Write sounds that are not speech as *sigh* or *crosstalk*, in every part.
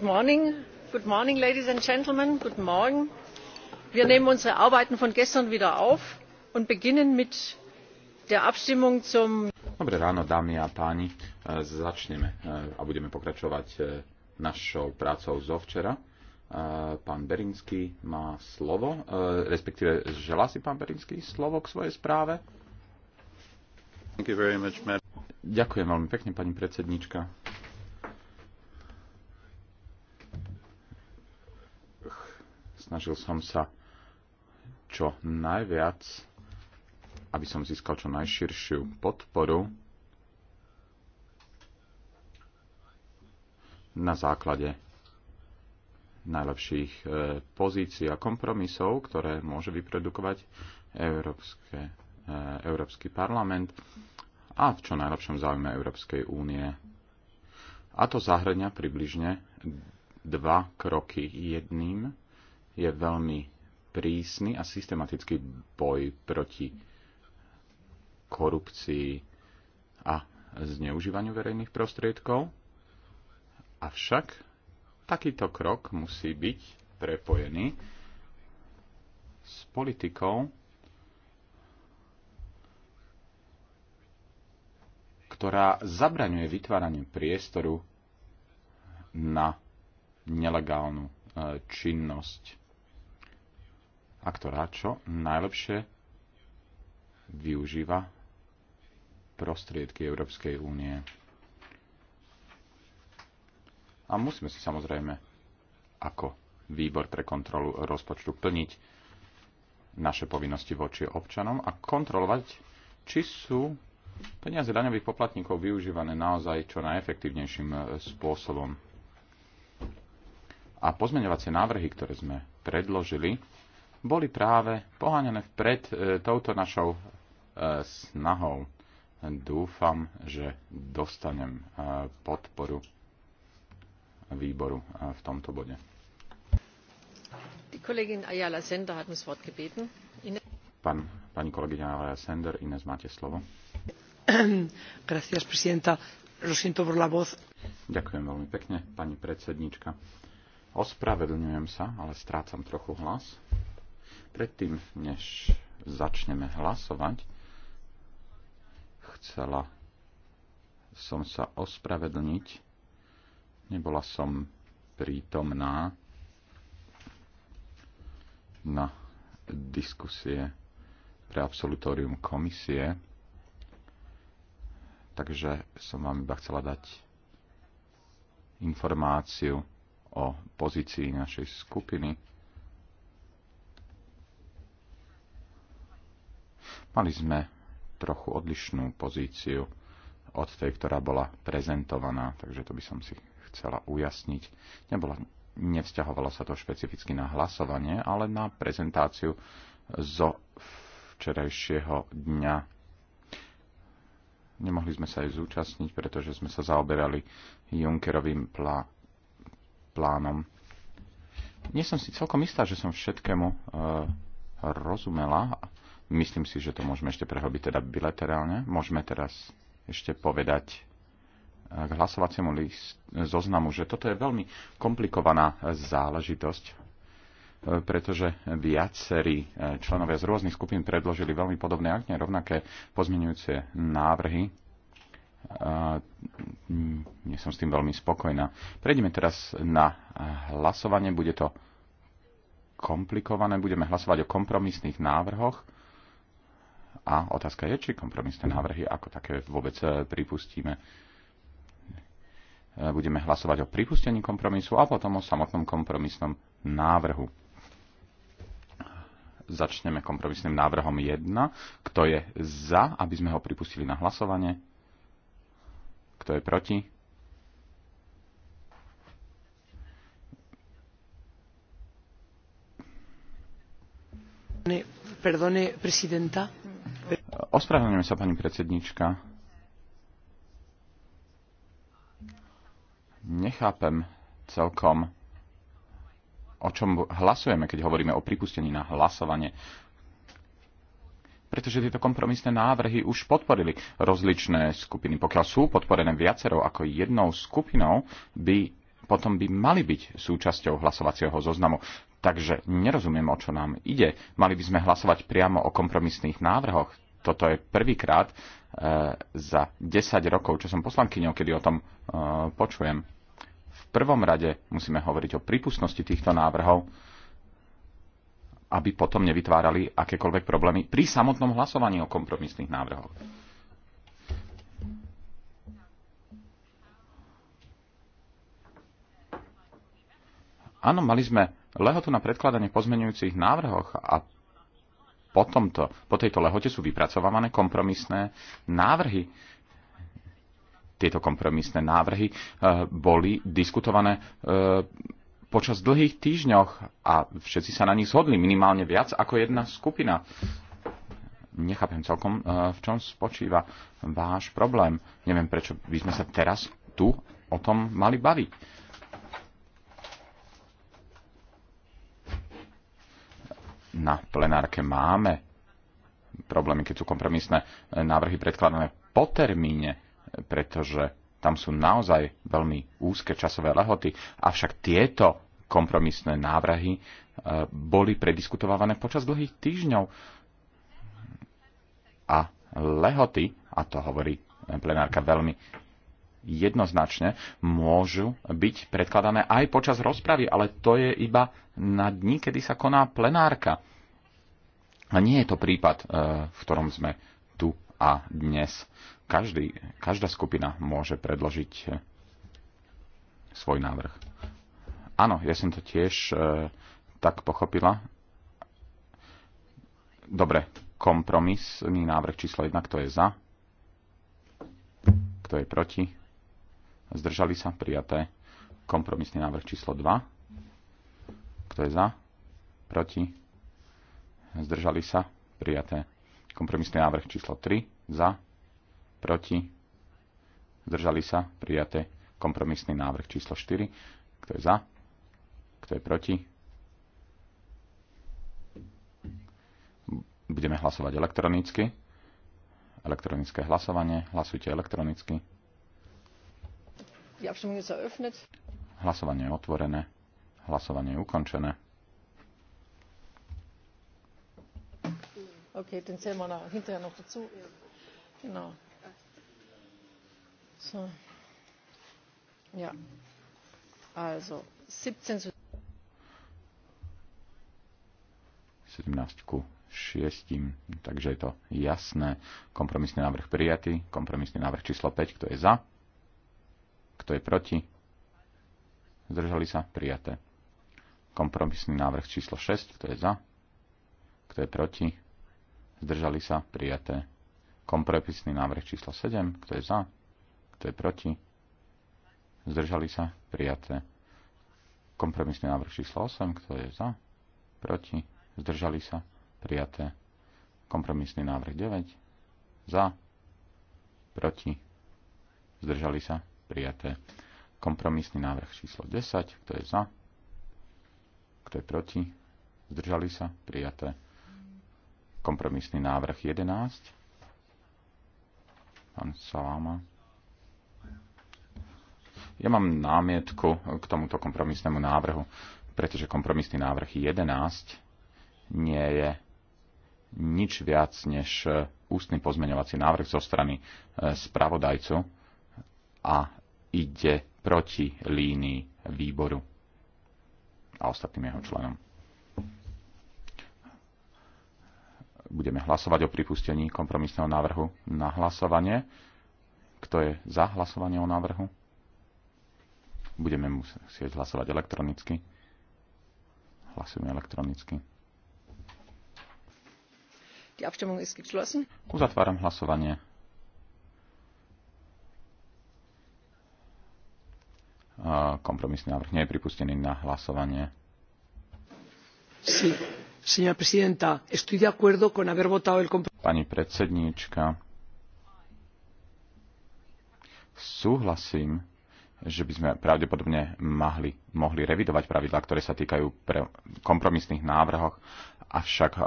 Good morning. ladies and gentlemen. Guten Morgen. Wir nehmen unsere Arbeiten von gestern wieder auf und beginnen mit der Abstimmung zum... Dobré ráno, dámy a páni. E, začneme e, a budeme pokračovať e, našou prácou zo včera. Pán Berinsky má slovo, respektíve želá si pán Berinsky slovo k svojej správe? Much, Ďakujem veľmi pekne, pani predsednička. snažil som sa čo najviac, aby som získal čo najširšiu podporu na základe najlepších e, pozícií a kompromisov, ktoré môže vyprodukovať Európske, e, Európsky parlament a v čo najlepšom záujme Európskej únie. A to zahrňa približne dva kroky. Jedným je veľmi prísny a systematický boj proti korupcii a zneužívaniu verejných prostriedkov. Avšak takýto krok musí byť prepojený s politikou, ktorá zabraňuje vytváraniu priestoru na nelegálnu e, činnosť a ktorá čo najlepšie využíva prostriedky Európskej únie. A musíme si samozrejme ako výbor pre kontrolu rozpočtu plniť naše povinnosti voči občanom a kontrolovať, či sú peniaze daňových poplatníkov využívané naozaj čo najefektívnejším e, spôsobom. A pozmeňovacie návrhy, ktoré sme predložili, boli práve poháňané vpred e, touto našou e, snahou. Dúfam, že dostanem e, podporu výboru v tomto bode. Pán, pani kolegyňa Ayala Sender, Ines, máte slovo. *clears throat* Gracias, presidenta. Lo siento por la voz. Ďakujem veľmi pekne, pani predsednička. Ospravedlňujem sa, ale strácam trochu hlas. Predtým, než začneme hlasovať, chcela som sa ospravedlniť. Nebola som prítomná na diskusie pre absolutórium komisie, takže som vám iba chcela dať informáciu o pozícii našej skupiny Mali sme trochu odlišnú pozíciu od tej, ktorá bola prezentovaná, takže to by som si chcela ujasniť. Nebola, nevzťahovalo sa to špecificky na hlasovanie, ale na prezentáciu zo včerajšieho dňa. Nemohli sme sa aj zúčastniť, pretože sme sa zaoberali Junckerovým plá- plánom. Nie som si celkom istá, že som všetkému e, rozumela, Myslím si, že to môžeme ešte prehlbiť teda bilaterálne. Môžeme teraz ešte povedať e, k hlasovaciemu list, zoznamu, že toto je veľmi komplikovaná záležitosť, e, pretože viacerí e, členovia z rôznych skupín predložili veľmi podobné, ak nie rovnaké pozmeňujúce návrhy. Nie som s tým veľmi spokojná. Prejdeme teraz na hlasovanie. Bude to komplikované. Budeme hlasovať o kompromisných návrhoch a otázka je, či kompromisné návrhy ako také vôbec e, pripustíme. E, budeme hlasovať o pripustení kompromisu a potom o samotnom kompromisnom návrhu. Začneme kompromisným návrhom 1. Kto je za, aby sme ho pripustili na hlasovanie? Kto je proti? Perdone, presidenta Ospravedlňujem sa, pani predsednička. Nechápem celkom, o čom hlasujeme, keď hovoríme o pripustení na hlasovanie. Pretože tieto kompromisné návrhy už podporili rozličné skupiny. Pokiaľ sú podporené viacerou ako jednou skupinou, by potom by mali byť súčasťou hlasovacieho zoznamu. Takže nerozumiem, o čo nám ide. Mali by sme hlasovať priamo o kompromisných návrhoch toto je prvýkrát e, za 10 rokov, čo som poslankyňou, kedy o tom e, počujem. V prvom rade musíme hovoriť o prípustnosti týchto návrhov, aby potom nevytvárali akékoľvek problémy pri samotnom hlasovaní o kompromisných návrhoch. Áno, mali sme lehotu na predkladanie pozmenujúcich návrhoch a po, tomto, po tejto lehote sú vypracované kompromisné návrhy. Tieto kompromisné návrhy e, boli diskutované e, počas dlhých týždňoch a všetci sa na nich zhodli, minimálne viac ako jedna skupina. Nechápem celkom, e, v čom spočíva váš problém. Neviem, prečo by sme sa teraz tu o tom mali baviť na plenárke máme problémy, keď sú kompromisné návrhy predkladané po termíne, pretože tam sú naozaj veľmi úzke časové lehoty, avšak tieto kompromisné návrhy e, boli prediskutované počas dlhých týždňov. A lehoty, a to hovorí plenárka veľmi jednoznačne môžu byť predkladané aj počas rozpravy, ale to je iba na dni, kedy sa koná plenárka. A nie je to prípad, e, v ktorom sme tu a dnes. Každý, každá skupina môže predložiť e, svoj návrh. Áno, ja som to tiež e, tak pochopila. Dobre, kompromisný návrh číslo 1, kto je za? Kto je proti? Zdržali sa? Prijaté. Kompromisný návrh číslo 2. Kto je za? Proti? Zdržali sa? Prijaté. Kompromisný návrh číslo 3. Za? Proti? Zdržali sa? Prijaté. Kompromisný návrh číslo 4. Kto je za? Kto je proti? Budeme hlasovať elektronicky. Elektronické hlasovanie. Hlasujte elektronicky. Hlasovanie je otvorené. Hlasovanie je ukončené. Okay, den zählen wir noch, hinterher noch dazu. Genau. So. Ja. Also, 17 zu 17 ku 6, takže je to jasné. Kompromisný návrh prijatý, kompromisný návrh číslo 5, kto je za? Kto je proti? Zdržali sa? Prijaté. Kompromisný návrh číslo 6. Kto je za? Kto je proti? Zdržali sa? Prijaté. Kompromisný návrh číslo 7. Kto je za? Kto je proti? Zdržali sa? Prijaté. Kompromisný návrh číslo 8. Kto je za? Proti? Zdržali sa? Prijaté. Kompromisný návrh 9. Za? Proti? Zdržali sa? prijaté. Kompromisný návrh číslo 10, kto je za, kto je proti, zdržali sa, prijaté. Kompromisný návrh 11, pán Saláma. Ja mám námietku k tomuto kompromisnému návrhu, pretože kompromisný návrh 11 nie je nič viac než ústny pozmeňovací návrh zo strany e, spravodajcu a ide proti línii výboru a ostatným jeho členom. Budeme hlasovať o pripustení kompromisného návrhu na hlasovanie. Kto je za hlasovanie o návrhu? Budeme musieť hlasovať elektronicky. Hlasujeme elektronicky. Uzatváram hlasovanie. kompromisný návrh nie je pripustený na hlasovanie. Pani predsedníčka, súhlasím, že by sme pravdepodobne mohli, mohli revidovať pravidlá, ktoré sa týkajú pre kompromisných návrhoch, avšak eh,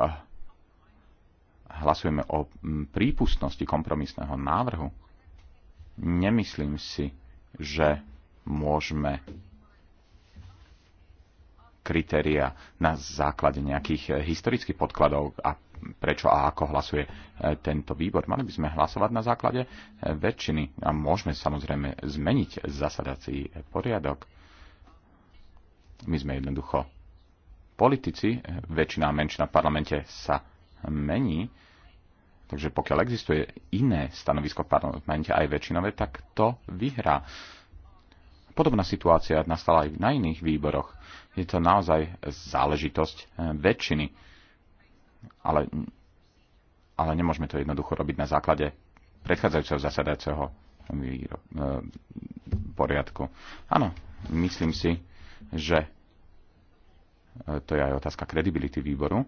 hlasujeme o mm, prípustnosti kompromisného návrhu. Nemyslím si, že môžeme kritéria na základe nejakých eh, historických podkladov a prečo a ako hlasuje eh, tento výbor. Mali by sme hlasovať na základe eh, väčšiny a môžeme samozrejme zmeniť zasadací poriadok. My sme jednoducho politici, väčšina a menšina v parlamente sa mení, takže pokiaľ existuje iné stanovisko v parlamente, aj väčšinové, tak to vyhrá. Podobná situácia nastala aj na iných výboroch. Je to naozaj záležitosť eh, väčšiny. Ale, ale nemôžeme to jednoducho robiť na základe predchádzajúceho zasadajúceho výro, eh, poriadku. Áno, myslím si, že eh, to je aj otázka kredibility výboru.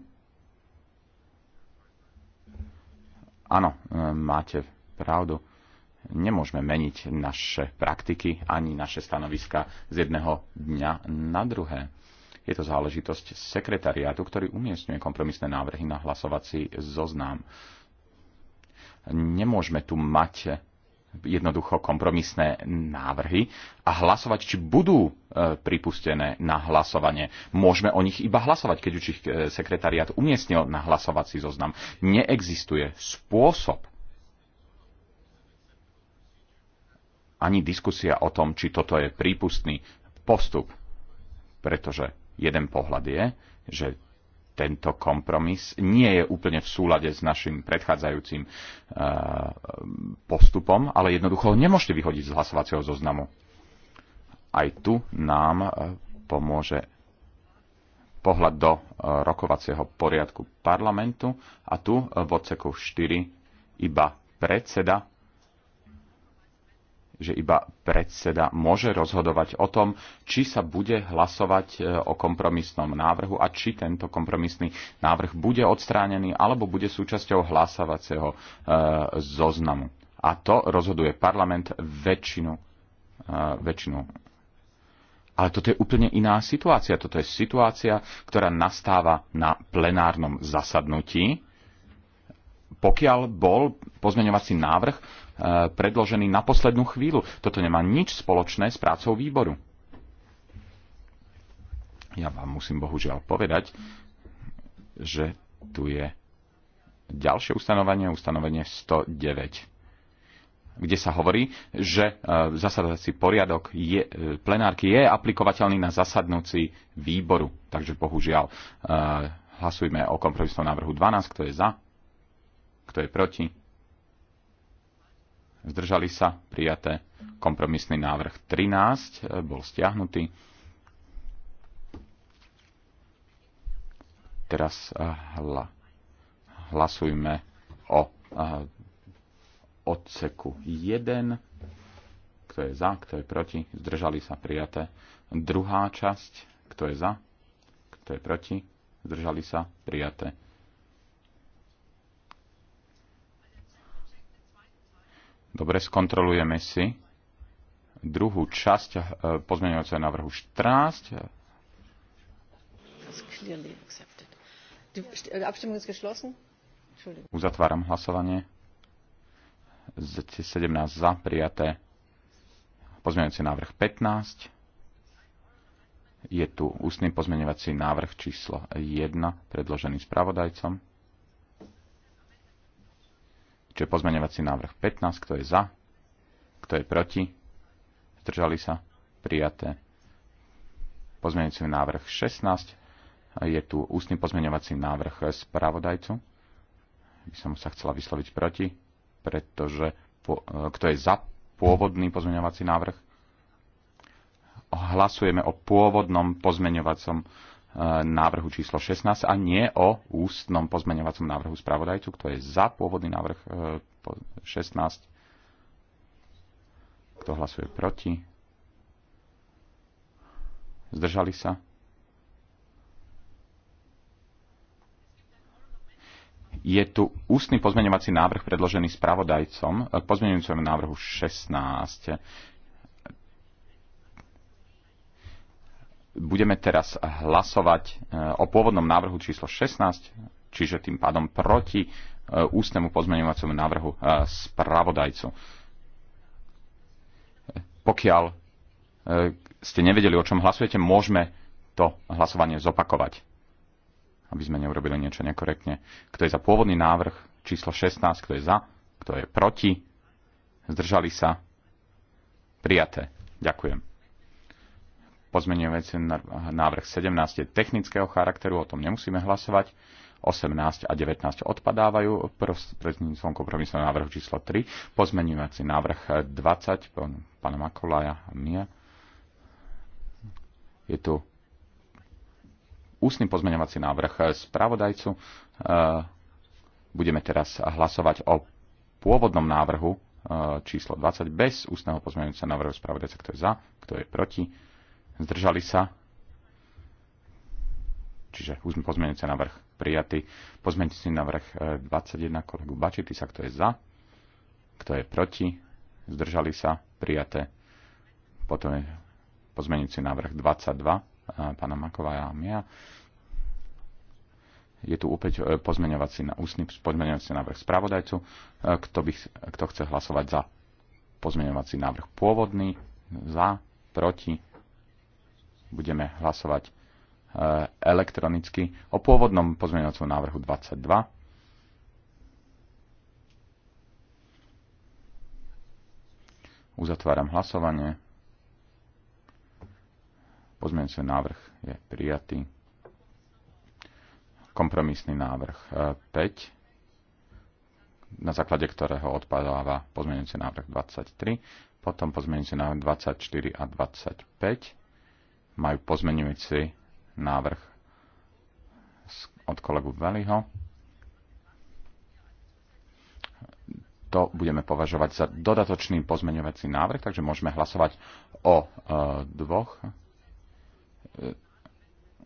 Áno, máte pravdu nemôžeme meniť naše praktiky ani naše stanoviska z jedného dňa na druhé. Je to záležitosť sekretariátu, ktorý umiestňuje kompromisné návrhy na hlasovací zoznam. Nemôžeme tu mať jednoducho kompromisné návrhy a hlasovať, či budú e, pripustené na hlasovanie. Môžeme o nich iba hlasovať, keď už ich e, sekretariat umiestnil na hlasovací zoznam. Neexistuje spôsob, ani diskusia o tom, či toto je prípustný postup. Pretože jeden pohľad je, že tento kompromis nie je úplne v súlade s našim predchádzajúcim e, postupom, ale jednoducho ho nemôžete vyhodiť z hlasovacieho zoznamu. Aj tu nám e, pomôže pohľad do e, rokovacieho poriadku parlamentu a tu v odseku 4 iba predseda že iba predseda môže rozhodovať o tom, či sa bude hlasovať e, o kompromisnom návrhu a či tento kompromisný návrh bude odstránený alebo bude súčasťou hlasovacieho e, zoznamu. A to rozhoduje parlament väčšinu. E, väčšinu. Ale toto je úplne iná situácia. Toto je situácia, ktorá nastáva na plenárnom zasadnutí, pokiaľ bol pozmeňovací návrh E, predložený na poslednú chvíľu. Toto nemá nič spoločné s prácou výboru. Ja vám musím bohužiaľ povedať, že tu je ďalšie ustanovenie, ustanovenie 109 kde sa hovorí, že e, zasadací poriadok je, e, plenárky je aplikovateľný na zasadnúci výboru. Takže bohužiaľ hlasujme o kompromisnom návrhu 12, kto je za, kto je proti, zdržali sa, prijaté. Kompromisný návrh 13 e, bol stiahnutý. Teraz e, hla, hlasujme o e, odseku 1. Kto je za, kto je proti, zdržali sa, prijaté. Druhá časť, kto je za, kto je proti, zdržali sa, prijaté Dobre, skontrolujeme si druhú časť eh, pozmeňujúceho návrhu 14. Uzatváram hlasovanie. 17 za prijaté. Pozmeňujúci návrh 15. Je tu ústny pozmeňovací návrh číslo 1, predložený spravodajcom. Čiže pozmeňovací návrh 15, kto je za, kto je proti, zdržali sa, prijaté. Pozmeňovací návrh 16, je tu ústny pozmeňovací návrh spravodajcu. By som sa chcela vysloviť proti, pretože e, kto je za pôvodný pozmeňovací návrh? Hlasujeme o pôvodnom pozmeňovacom návrhu návrhu číslo 16 a nie o ústnom pozmeňovacom návrhu spravodajcu, kto je za pôvodný návrh 16, e, kto hlasuje proti, zdržali sa. Je tu ústny pozmeňovací návrh predložený spravodajcom k pozmeňujúcemu návrhu 16. budeme teraz hlasovať eh, o pôvodnom návrhu číslo 16, čiže tým pádom proti eh, ústnemu pozmeňovacomu návrhu eh, spravodajcu. Pokiaľ ste nevedeli, o čom hlasujete, môžeme to hlasovanie zopakovať, aby sme neurobili niečo nekorektne. Kto je za pôvodný návrh číslo 16, kto je za, kto je proti, zdržali sa, prijaté. Ďakujem. Pozmenujúci návrh 17 je technického charakteru, o tom nemusíme hlasovať. 18 a 19 odpadávajú prostredníctvom kompromisného návrhu číslo 3. Pozmenujúci návrh 20 pána Makolaja a Mia. Je tu ústny pozmeňovací návrh spravodajcu. E, budeme teraz hlasovať o pôvodnom návrhu e, číslo 20 bez ústneho pozmeňujúceho návrhu spravodajca, kto je za, kto je proti zdržali sa, čiže už na vrch prijatý. na vrch 21 kolegu Bačity sa, kto je za, kto je proti, zdržali sa, prijaté. Potom je pozmeňujúci návrh 22 e, pána Maková a mia. Je tu opäť e, pozmeňovací na ústny pozmeňovací návrh spravodajcu. E, kto, by, kto chce hlasovať za pozmeňovací návrh pôvodný, za, proti, budeme hlasovať eh, elektronicky o pôvodnom pozmeňovacom návrhu 22. Uzatváram hlasovanie. Pozmeňujúci návrh je prijatý. Kompromisný návrh 5, eh, na základe ktorého odpadáva pozmeňujúci návrh 23, potom pozmeňujúci návrh 24 a 25 majú pozmenujúci návrh od kolegu Veliho. To budeme považovať za dodatočný pozmeňovací návrh, takže môžeme hlasovať o e, dvoch. E,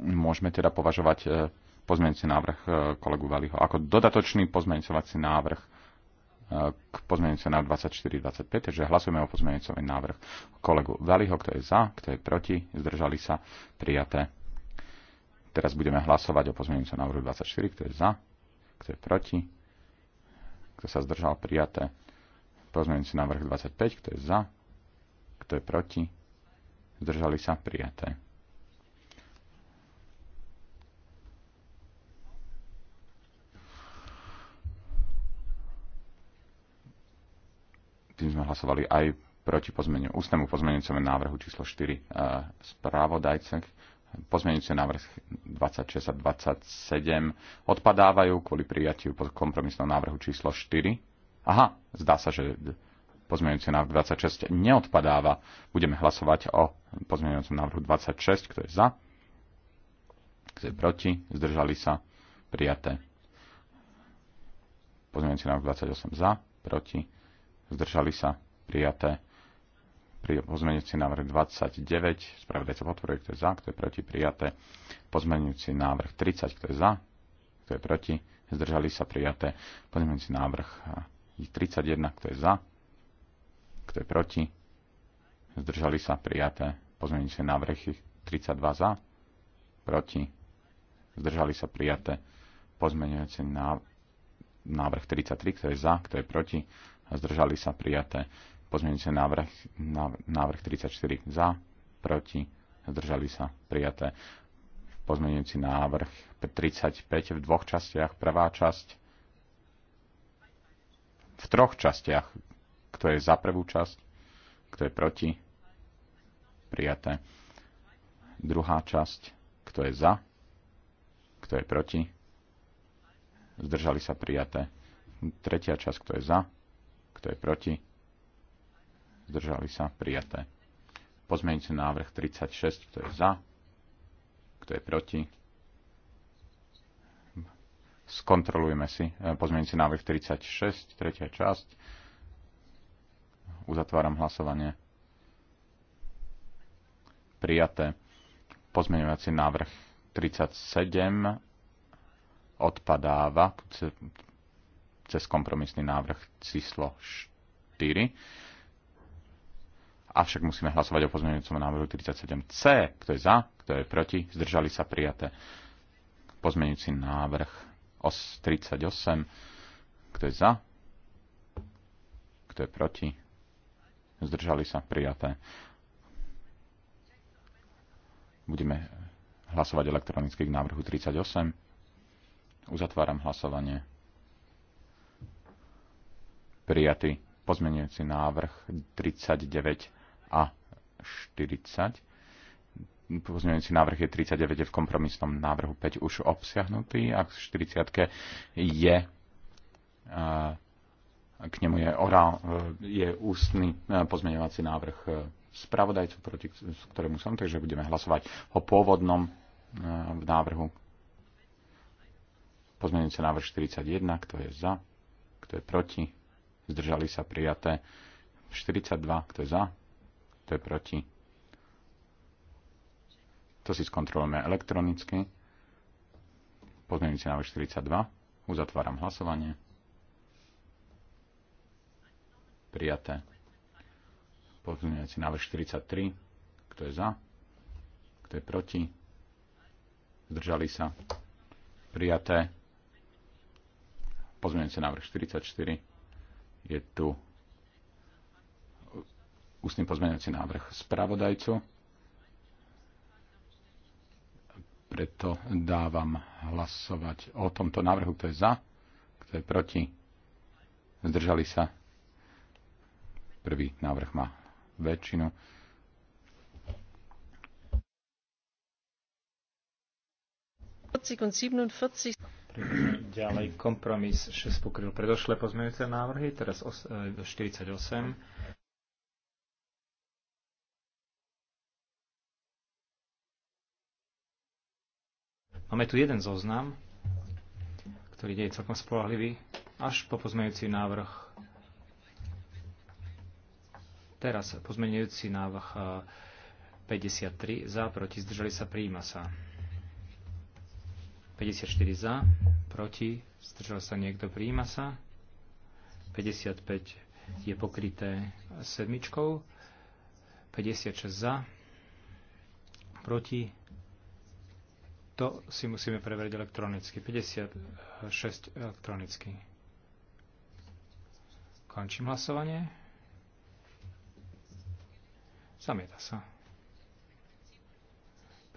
môžeme teda považovať e, pozmeňovací návrh e, kolegu Veliho ako dodatočný pozmeňovací návrh k pozmeňujúcemu návrhu 24-25, takže hlasujeme o pozmeňujúcom návrh kolegu Valiho, kto je za, kto je proti, zdržali sa, prijaté. Teraz budeme hlasovať o pozmeňujúcom návrhu 24, kto je za, kto je proti, kto sa zdržal, prijaté. Pozmeňujúci návrh 25, kto je za, kto je proti, zdržali sa, prijaté. tým sme hlasovali aj proti pozmeniu, ústnemu pozmenujúcemu návrhu číslo 4 e, správodajce. Pozmenujúce návrh 26 a 27 odpadávajú kvôli prijatiu kompromisného návrhu číslo 4. Aha, zdá sa, že pozmeňujúci návrh 26 neodpadáva. Budeme hlasovať o pozmeňujúcom návrhu 26, kto je za, kto je proti, zdržali sa, prijaté. Pozmeňujúci návrh 28 za, proti, zdržali sa, prijaté. Pri pozmeňujúci návrh 29, sa podporuje, kto je za, kto je proti, prijaté. Pozmeňujúci návrh 30, kto je za, kto je proti, zdržali sa, prijaté. Pozmeňujúci návrh 31, kto je za, kto je proti, zdržali sa, prijaté. Pozmeňujúci návrh 32 za, proti, zdržali sa, prijaté. Pozmeňujúci návrh 33, kto je za, kto je proti, zdržali sa prijaté. Pozmeňujúce návrh, návrh 34 za, proti, zdržali sa prijaté. Pozmeňujúci návrh 35 v dvoch častiach. Prvá časť v troch častiach. Kto je za prvú časť, kto je proti, prijaté. Druhá časť, kto je za, kto je proti, zdržali sa prijaté. Tretia časť, kto je za, kto je proti? Zdržali sa? Prijaté. Pozmeňujúci návrh 36. Kto je za? Kto je proti? Skontrolujeme si. Eh, pozmeňujúci návrh 36. Tretia časť. Uzatváram hlasovanie. Prijaté. Pozmeňovací návrh 37 odpadáva, cez kompromisný návrh číslo 4. Avšak musíme hlasovať o pozmeňujúcom návrhu 37C. Kto je za, kto je proti, zdržali sa prijaté. Pozmeňujúci návrh 38. Kto je za, kto je proti, zdržali sa prijaté. Budeme hlasovať elektronicky k návrhu 38. Uzatváram hlasovanie prijatý pozmenujúci návrh 39 a 40. Pozmenujúci návrh je 39 je v kompromisnom návrhu 5 už obsiahnutý a k 40 je e, k nemu je, orál, e, je ústny e, pozmeňovací návrh spravodajcu, proti ktorému som, takže budeme hlasovať o pôvodnom v návrhu. Pozmeňujúci návrh 41, kto je za, kto je proti, zdržali sa prijaté 42, kto je za, kto je proti. To si skontrolujeme elektronicky. Pozmeňujúci návrh 42. Uzatváram hlasovanie. Prijaté. si návrh 43. Kto je za? Kto je proti? Zdržali sa. Prijaté. Pozmeňujúci návrh 44. Je tu ústny pozmeňovací návrh spravodajcu. Preto dávam hlasovať o tomto návrhu, kto je za, kto je proti. Zdržali sa. Prvý návrh má väčšinu. und siebenundvierzig ďalej kompromis 6 pokryl predošlé pozmeňujúce návrhy, teraz 48. E, Máme tu jeden zoznam, ktorý nie je celkom spolahlivý, až po pozmeňujúci návrh. Teraz pozmeňujúci návrh 53 e, za, proti, zdržali sa, príjima sa. 54 za, proti, zdržal sa niekto, príjima sa. 55 je pokryté sedmičkou. 56 za, proti. To si musíme preveriť elektronicky. 56 elektronicky. Končím hlasovanie. Zamieta sa.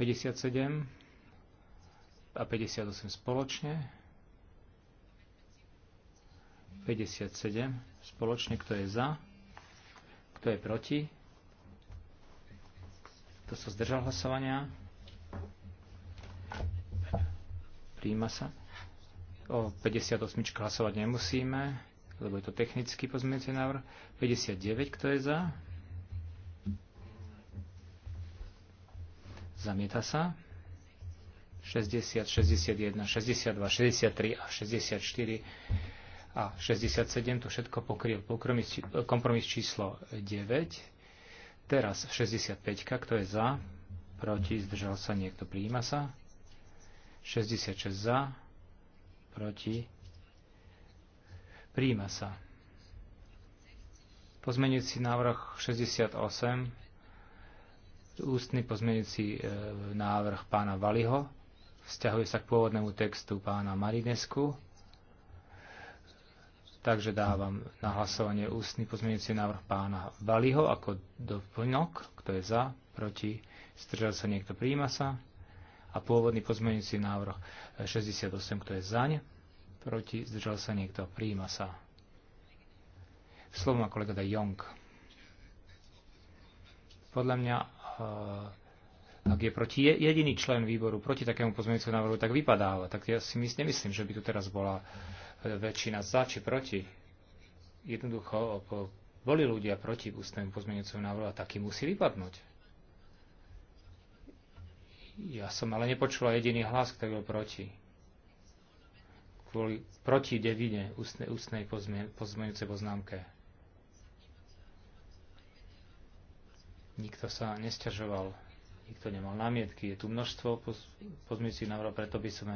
57 a 58 spoločne. 57 spoločne, kto je za, kto je proti, kto sa zdržal hlasovania, príjma sa. O 58 hlasovať nemusíme, lebo je to technický pozmeňujúci návrh. 59, kto je za? Zamieta sa. 60, 61, 62, 63 a 64 a 67. To všetko pokrie kompromis, kompromis číslo 9. Teraz 65. Kto je za? Proti? Zdržal sa niekto? Prijíma sa? 66 za? Proti? Prijíma sa. Pozmenujúci návrh 68, ústny pozmenujúci e, návrh pána Valiho. Vzťahuje sa k pôvodnému textu pána Marinesku. Takže dávam na hlasovanie ústny pozmeňujúci návrh pána Valiho ako doplnok. Kto je za, proti, stržal sa niekto, príjima sa. A pôvodný pozmeňujúci návrh 68, kto je zaň, proti, zdržal sa niekto, príjima sa. Slovo má kolega da Jong. Podľa mňa eh, ak je proti jediný člen výboru proti takému pozmeňujúcemu návrhu, tak vypadá, ale tak ja si nemyslím, že by tu teraz bola e, väčšina za či proti. Jednoducho boli ľudia proti ústnemu pozmeňujúcemu návrhu a taký musí vypadnúť. Ja som ale nepočula jediný hlas, ktorý bol proti. Kvôli proti devine ústnej, ústnej pozmeňujúcej poznámke. Nikto sa nesťažoval nikto nemal námietky. Je tu množstvo pozmícií návrhov, preto by sme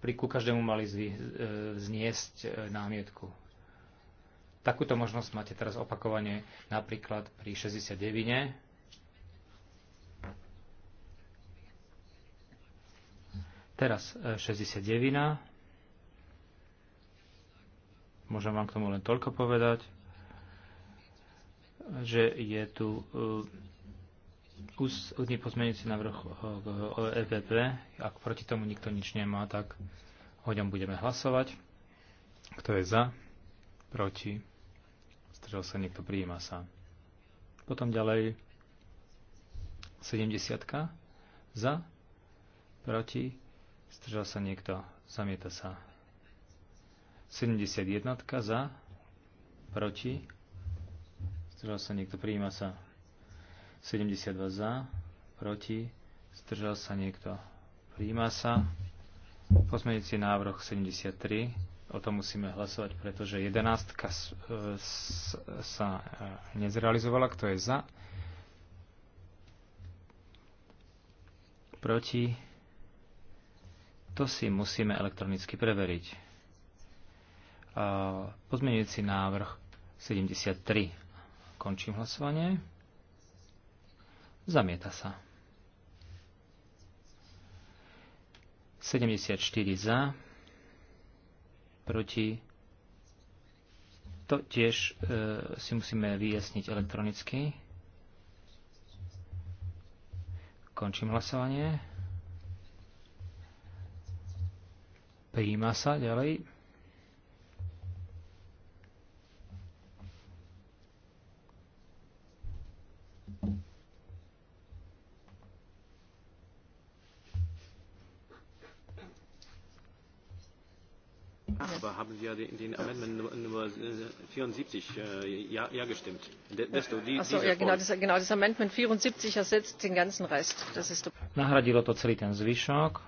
pri ku každému mali e, zniesť e, námietku. Takúto možnosť máte teraz opakovane napríklad pri 69. Teraz 69. E, Môžem vám k tomu len toľko povedať že je tu uh, ústny pozmeňujúci návrh o uh, EPP. Ak proti tomu nikto nič nemá, tak o ňom budeme hlasovať. Kto je za? Proti? Zdržal sa niekto, prijíma sa. Potom ďalej 70 za, proti, stržal sa niekto, zamieta sa. 71 za, proti, Zdržal sa niekto, prijíma sa. 72 za, proti, zdržal sa niekto, prijíma sa. Pozmeňujúci návrh 73, o tom musíme hlasovať, pretože 11 sa e, nezrealizovala, kto je za. Proti, to si musíme elektronicky preveriť. E, pozmeňujúci návrh 73. Končím hlasovanie. Zamieta sa. 74 za, proti. To tiež e, si musíme vyjasniť elektronicky. Končím hlasovanie. Prijíma sa ďalej. Ah. Aber haben Sie ja den, den Amendment Nummer 74 äh, äh, ja, ja gestimmt. De, die, ja, genau, das, genau, das Amendment 74 ersetzt den ganzen Rest. Das ist Nahradilo to celý ten zvyšok.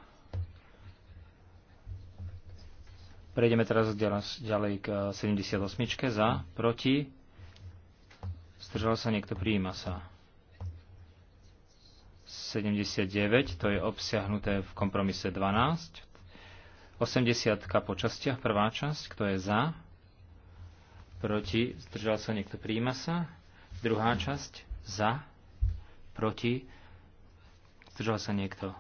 Prejdeme teraz ďalej k 78. Eh, Za, proti. Zdržal sa niekto, prijíma sa. 79, to je obsiahnuté v kompromise 12, 80 po častiach, prvá časť, kto je za, proti, zdržal sa niekto, príjma sa. Druhá časť, za, proti, zdržal sa niekto.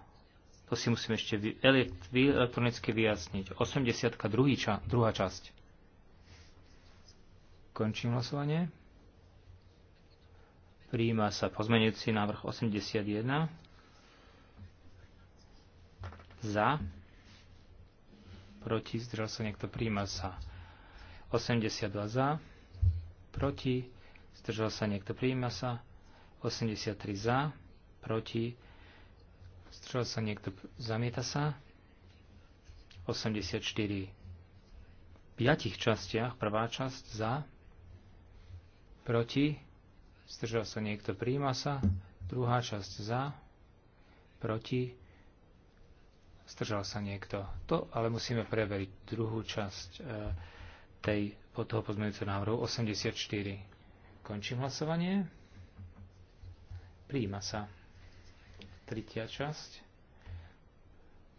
To si musím ešte elektronicky vyjasniť. 80 druhý ča, druhá časť. Končím hlasovanie. Príjima sa pozmenujúci návrh 81. Za proti, zdržal sa niekto, príjma sa. 82 za, proti, zdržal sa niekto, príjma sa. 83 za, proti, zdržal sa niekto, zamieta sa. 84 v piatich častiach, prvá časť za, proti, zdržal sa niekto, príjma sa. Druhá časť za, proti, Zdržal sa niekto. To ale musíme preveriť druhú časť e, tej, pod toho pozmeňujúceho návrhu 84. Končím hlasovanie. Príjima sa. Tretia časť.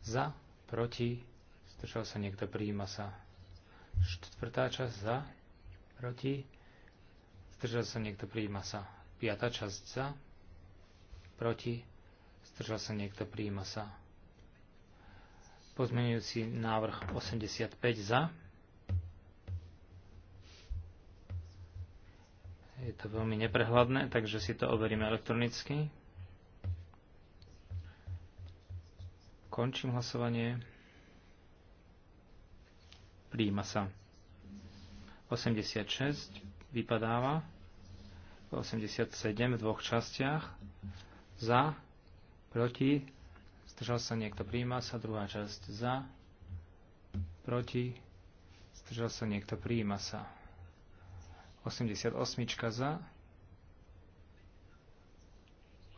Za, proti, zdržal sa niekto, príjima sa. Štvrtá časť za, proti, zdržal sa niekto, príjima sa. Piatá časť za, proti, zdržal sa niekto, príjima sa. Pozmenujúci návrh 85 za. Je to veľmi neprehľadné, takže si to overíme elektronicky. Končím hlasovanie. Príjima sa. 86 vypadáva. 87 v dvoch častiach. Za, proti, Zdržal sa niekto, príjma sa. Druhá časť za. Proti. Zdržal sa niekto, príjma sa. 88 za. 88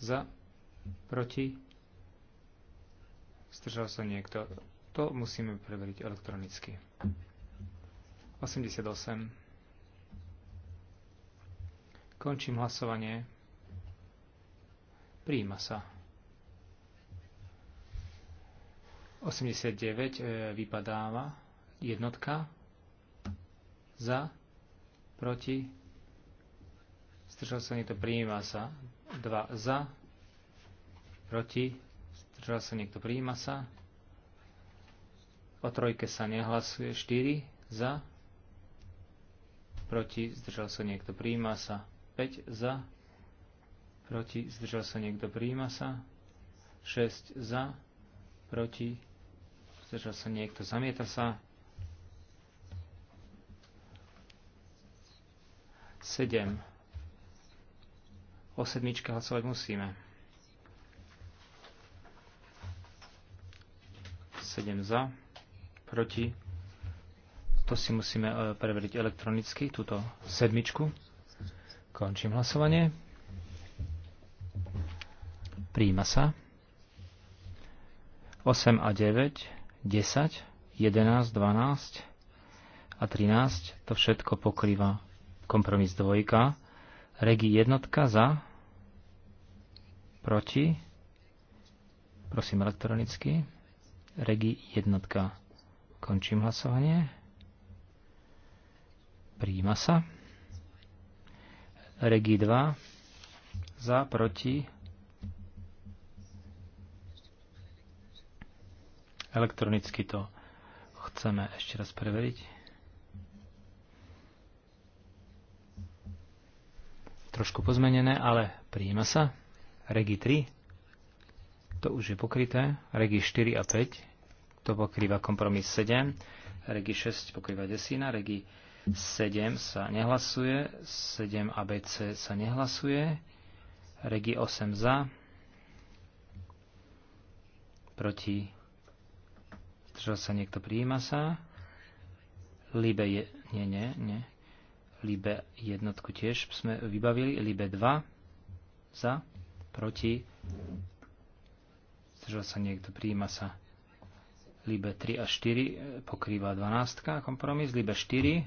za. Proti. Zdržal sa niekto. To musíme preveriť elektronicky. 88. Končím hlasovanie. príjma sa. 89 e, vypadáva jednotka za, proti, zdržal sa niekto, prijíma sa, 2 za, proti, zdržal sa niekto, prijíma sa, o trojke sa nehlasuje, 4 za, proti, zdržal sa niekto, prijíma sa, 5 za, proti, zdržal sa niekto, prijíma sa, 6 za, proti, zdržal sa niekto, zamieta sa. 7. O sedmičke hlasovať musíme. 7 za, proti. To si musíme e, preveriť elektronicky, túto sedmičku. Končím hlasovanie. Príjma sa. 8 a 9 10, 11, 12 a 13 to všetko pokrýva kompromis dvojka. Regi jednotka za, proti, prosím elektronicky, regi jednotka. Končím hlasovanie. Príjima sa. Regi 2 za, proti, Elektronicky to chceme ešte raz preveriť. Trošku pozmenené, ale prijíma sa. Regi 3, to už je pokryté. Regi 4 a 5, to pokrýva kompromis 7. Regi 6 pokrýva desína. Regi 7 sa nehlasuje. 7 a BC sa nehlasuje. Regi 8 za. Proti Zdržal sa niekto? Prijíma sa. Libe je... Nie, nie, nie. Libe jednotku tiež sme vybavili. Libe 2. Za. Proti. Zdržal sa niekto? Prijíma sa. Libe 3 a 4 e, pokrýva 12. Kompromis. Libe 4.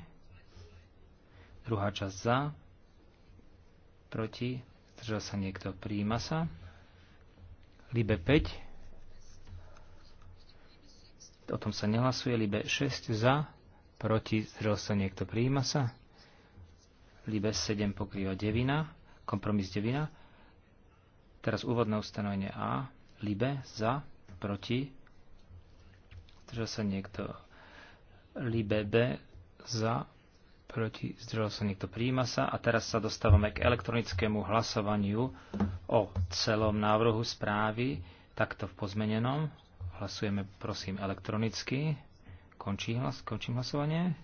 Druhá časť za. Proti. Zdržal sa niekto? Prijíma sa. Libe 5 O tom sa nehlasuje. Libe 6 za, proti, zrel sa niekto, prijíma sa. Libe 7 pokrýva devina, kompromis 9. Teraz úvodné ustanovenie A. Libe za, proti, zdržal sa niekto. Libe B za, proti, zdržal sa niekto, prijíma sa. A teraz sa dostávame k elektronickému hlasovaniu o celom návrhu správy, takto v pozmenenom. Hlasujeme prosím elektronicky. Končí hlas, končím hlasovanie.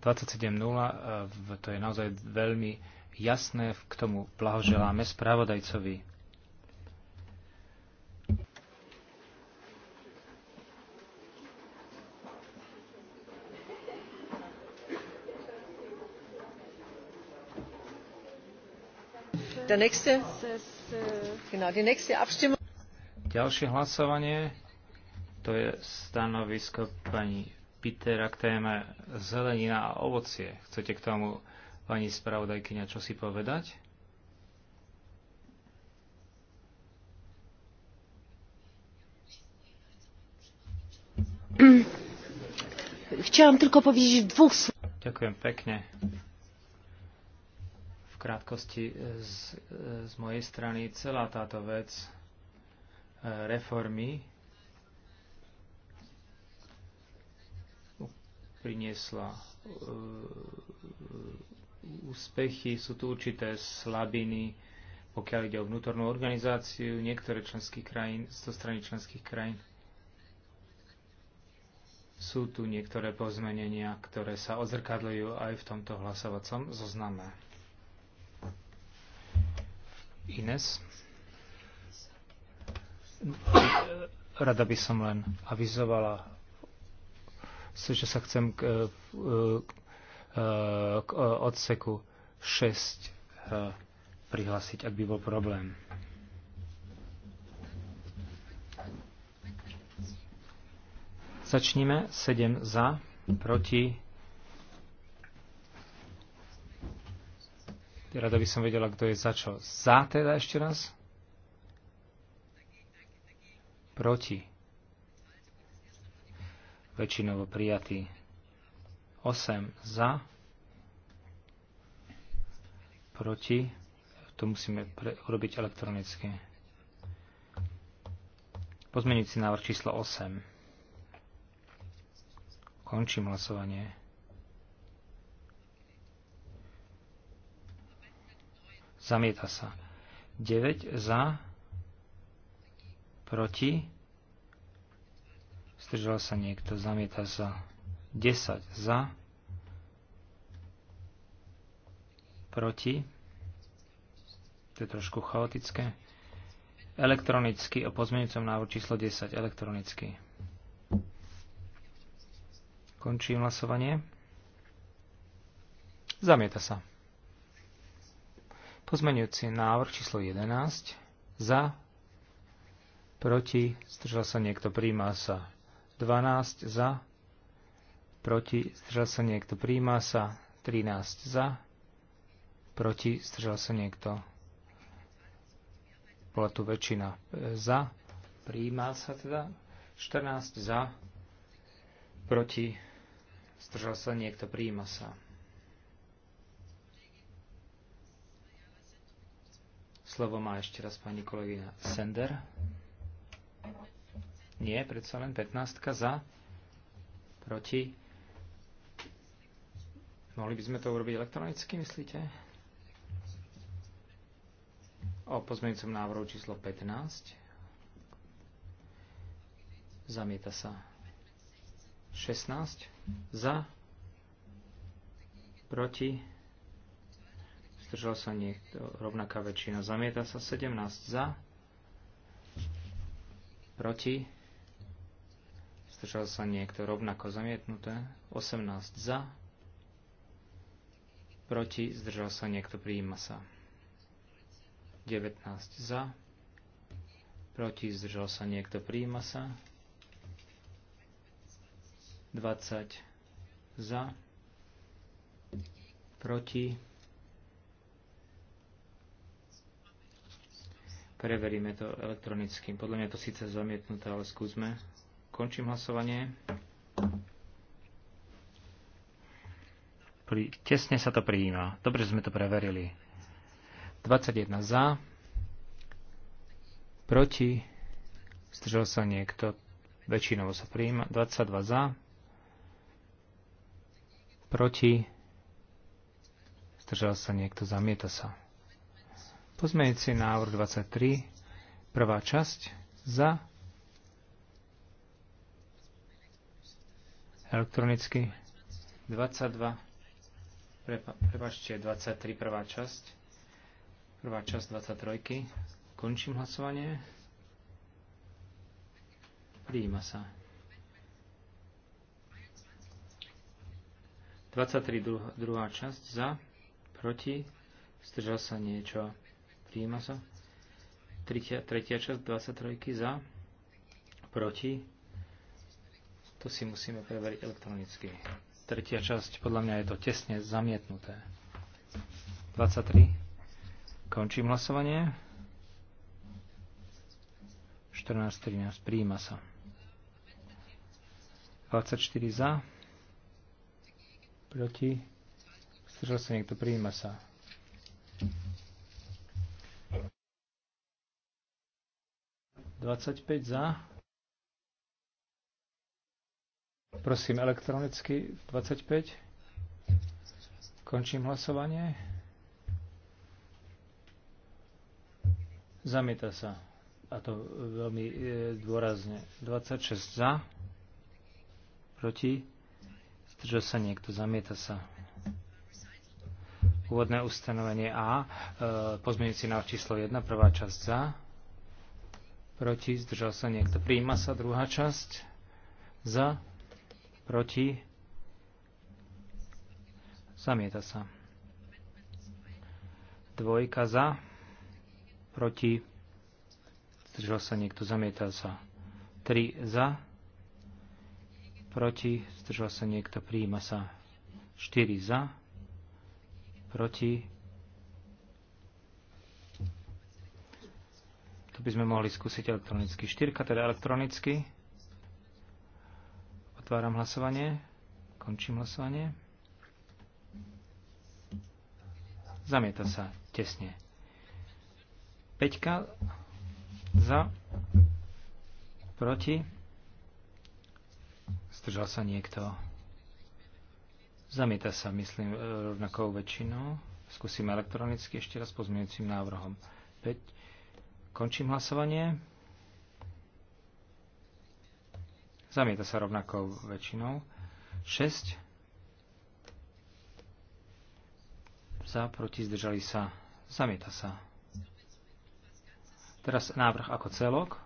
27.0, e, to je naozaj veľmi jasné, k tomu blahoželáme spravodajcovi. Der nächste. Ďalšie hlasovanie, to je stanovisko pani Pitera k téme zelenina a ovocie. Chcete k tomu, pani spravodajkyňa, čo si povedať? Chciałam tylko powiedzieć dwóch słów. Ďakujem pekne krátkosti e, z, e, z mojej strany celá táto vec e, reformy priniesla úspechy, sú tu určité slabiny, pokiaľ ide o vnútornú organizáciu, niektoré členských krajín, zo strany členských krajín. Sú tu niektoré pozmenenia, ktoré sa odzrkadľujú aj v tomto hlasovacom zozname. Ines. Rada by som len avizovala, že sa chcem k, k, k odseku 6 e, prihlásiť, ak by bol problém. Začníme. 7 za, proti, Rada by som vedela, kto je za čo. Za teda ešte raz? Proti. Väčšinovo prijatý. 8 za. Proti. To musíme pre- urobiť elektronicky. Pozmeniť si návrh číslo 8. Končím hlasovanie. Zamieta sa. 9 za, proti, zdržal sa niekto, zamieta sa. 10 za, proti, to je trošku chaotické, elektronicky o pozmeňujúcom návrhu číslo 10, elektronicky. Končím hlasovanie. Zamieta sa. Pozmeňujúci návrh číslo 11. Za. Proti. Zdržal sa niekto. Príjma sa. 12. Za. Proti. Zdržal sa niekto. Príjma sa. 13. Za. Proti. Zdržal sa niekto. Bola tu väčšina za. Príjma sa teda. 14. Za. Proti. Zdržal sa niekto. Príjma sa. Slovo má ešte raz pani kolegyňa Sender. Nie, predsa len 15 za, proti. Mohli by sme to urobiť elektronicky, myslíte? O pozmeňujúcom návrhu číslo 15. Zamieta sa. 16. Za. Proti zdržal sa niekto, rovnaká väčšina. Zamieta sa 17 za, proti, zdržal sa niekto, rovnako zamietnuté, 18 za, proti, zdržal sa niekto, prijíma sa. 19 za, proti, zdržal sa niekto, prijíma sa. 20 za, proti, Preveríme to elektronicky. Podľa mňa je to síce zamietnuté, ale skúsme. Končím hlasovanie. Pri, tesne sa to prijíma. Dobre, že sme to preverili. 21 za, proti, zdržal sa niekto, väčšinovo sa prijíma, 22 za, proti, zdržal sa niekto, zamieta sa. Pozmejúci návrh 23, prvá časť, za, elektronicky, 22, prepa, prepačte, 23, prvá časť, prvá časť 23, končím hlasovanie, prijíma sa. 23, druhá časť, za, proti, zdržal sa niečo, týma sa. Tretia, tretia časť 23 za. Proti. To si musíme preveriť elektronicky. Tretia časť, podľa mňa je to tesne zamietnuté. 23. Končím hlasovanie. 14.13. Príjima sa. 24 za. Proti. Zdržal sa niekto. Príjima sa. 25 za. Prosím, elektronicky 25. Končím hlasovanie. Zamieta sa. A to veľmi e, dôrazne. 26 za. Proti. Zdržal sa niekto. Zamieta sa. Úvodné ustanovenie A. E, pozmeňujúci návrh číslo 1. Prvá časť za proti, zdržal sa niekto. príjma sa druhá časť, za, proti, zamieta sa. Dvojka za, proti, zdržal sa niekto, zamieta sa. 3 za, proti, zdržal sa niekto, príjma sa. 4 za, proti, To by sme mohli skúsiť elektronicky. Štyrka, teda elektronicky. Otváram hlasovanie. Končím hlasovanie. Zamieta sa tesne. Peťka za, proti. Zdržal sa niekto. Zamieta sa, myslím, e, rovnakou väčšinou. Skúsim elektronicky ešte raz pozmeňujúcim návrhom. 5. Končím hlasovanie. Zamieta sa rovnakou väčšinou. 6. Za, proti, zdržali sa. Zamieta sa. Teraz návrh ako celok.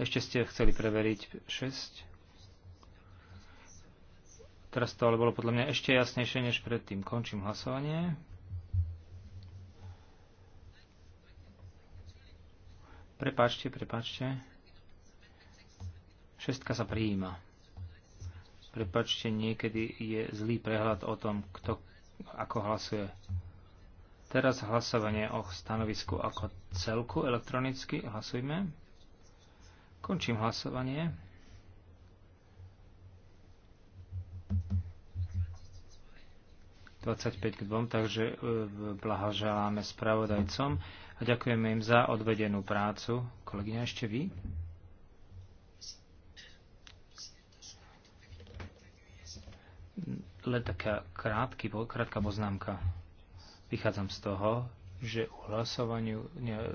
Ešte ste chceli preveriť 6. Teraz to ale bolo podľa mňa ešte jasnejšie než predtým. Končím hlasovanie. Prepačte, prepačte. Šestka sa prijíma. Prepačte, niekedy je zlý prehľad o tom, kto ako hlasuje. Teraz hlasovanie o stanovisku ako celku elektronicky. Hlasujme. Končím hlasovanie. 25 k 2, takže e, blahoželáme spravodajcom a ďakujeme im za odvedenú prácu. Kolegyňa, ešte vy? Len taká krátky, krátka poznámka. Vychádzam z toho, že u hlasovaniu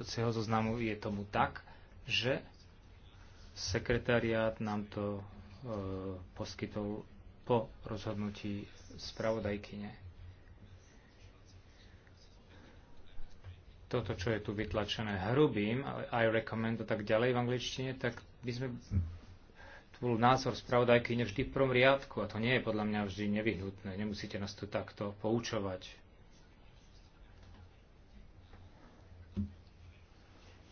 celého zoznamu je tomu tak, že sekretariát nám to e, poskytol po rozhodnutí spravodajkyne. toto, čo je tu vytlačené hrubým, I recommend a tak ďalej v angličtine, tak by sme tu bol názor spravodajky nevždy v prvom riadku a to nie je podľa mňa vždy nevyhnutné. Nemusíte nás tu takto poučovať.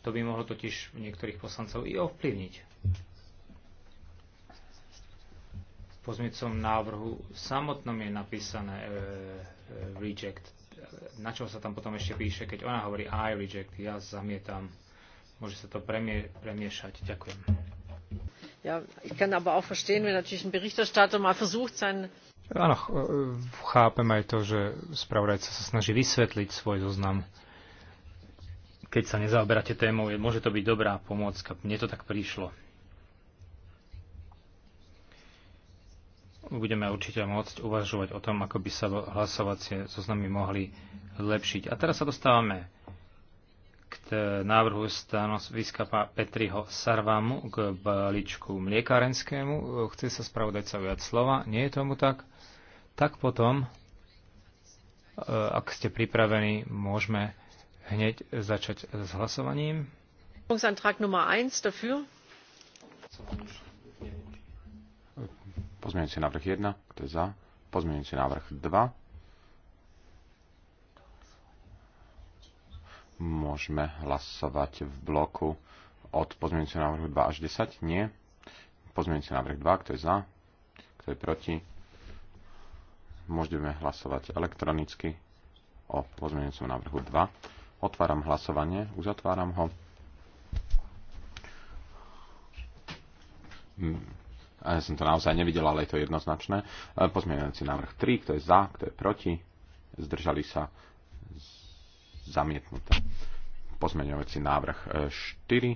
To by mohlo totiž niektorých poslancov i ovplyvniť. V pozmicom návrhu samotnom je napísané e, e, reject, na čo sa tam potom ešte píše, keď ona hovorí I reject, ja zamietam. Môže sa to premie, premiešať. Ďakujem. Ja, ich kann aber auch verstehen, wenn natürlich ein Berichterstatter mal versucht, sein... Áno, e, chápem aj to, že spravodajca sa snaží vysvetliť svoj zoznam. Keď sa nezaoberáte témou, môže to byť dobrá pomôcka. Mne to tak prišlo. budeme určite môcť uvažovať o tom, ako by sa hlasovacie zoznamy so mohli lepšiť. A teraz sa dostávame k návrhu vyskapa Petriho Sarvamu k balíčku mliekárenskému. Chce sa spravodať sa viac slova. Nie je tomu tak? Tak potom, e, ak ste pripravení, môžeme hneď začať s hlasovaním. Antrag Nummer 1 dafür. Pozmienujúci návrh 1, kto je za? Pozmienujúci návrh 2. Môžeme hlasovať v bloku od pozmienujúceho návrhu 2 až 10? Nie. si návrh 2, kto je za? Kto je proti? Môžeme hlasovať elektronicky o pozmienujúcom návrhu 2. Otváram hlasovanie, uzatváram ho. Mm ja som to naozaj nevidel, ale je to jednoznačné. E, Pozmienujúci návrh 3, kto je za, kto je proti, zdržali sa zamietnuté. Pozmeňujúci návrh 4, e,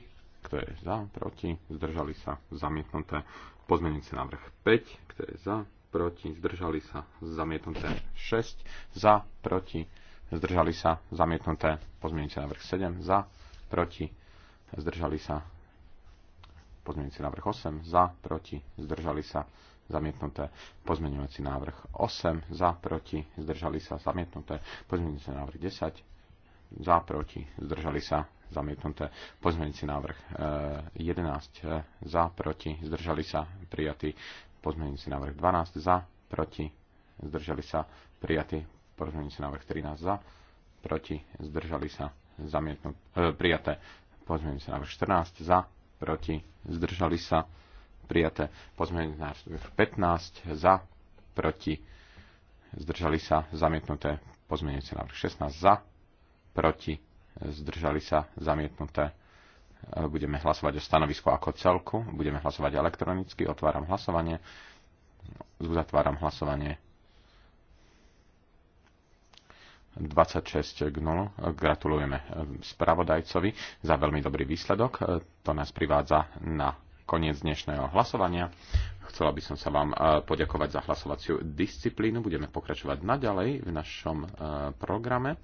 kto je za, proti, zdržali sa zamietnuté. Pozmeňujúci návrh 5, kto je za, proti, zdržali sa zamietnuté 6, za, proti, zdržali sa zamietnuté. Pozmeňujúci návrh 7, za, proti, zdržali sa Pozmeňujúci návrh 8 za, proti, zdržali sa, zamietnuté. Pozmeňujúci návrh 8 za, proti, zdržali sa, zamietnuté. Pozmeňujúci návrh 10 za, proti, zdržali sa, zamietnuté. Pozmeňujúci návrh 11 eh, eh, za, proti, zdržali sa, prijatý. Pozmeňujúci návrh 12 za, proti, zdržali sa, prijatý. Pozmeňujúci návrh 13 za, proti, zdržali sa, zamietnuté, eh, prijaté. Pozmeňujúci návrh 14 za, proti, zdržali sa, prijaté. Pozmeňujúci návrh 15 za, proti, zdržali sa, zamietnuté. Pozmeňujúci návrh 16 za, proti, zdržali sa, zamietnuté. Budeme hlasovať o stanovisku ako celku. Budeme hlasovať elektronicky. Otváram hlasovanie. Uzatváram hlasovanie. 26 k 0. Gratulujeme eh, spravodajcovi za veľmi dobrý výsledok. Eh, to nás privádza na koniec dnešného hlasovania. Chcela by som sa vám eh, poďakovať za hlasovaciu disciplínu. Budeme pokračovať naďalej v našom programe.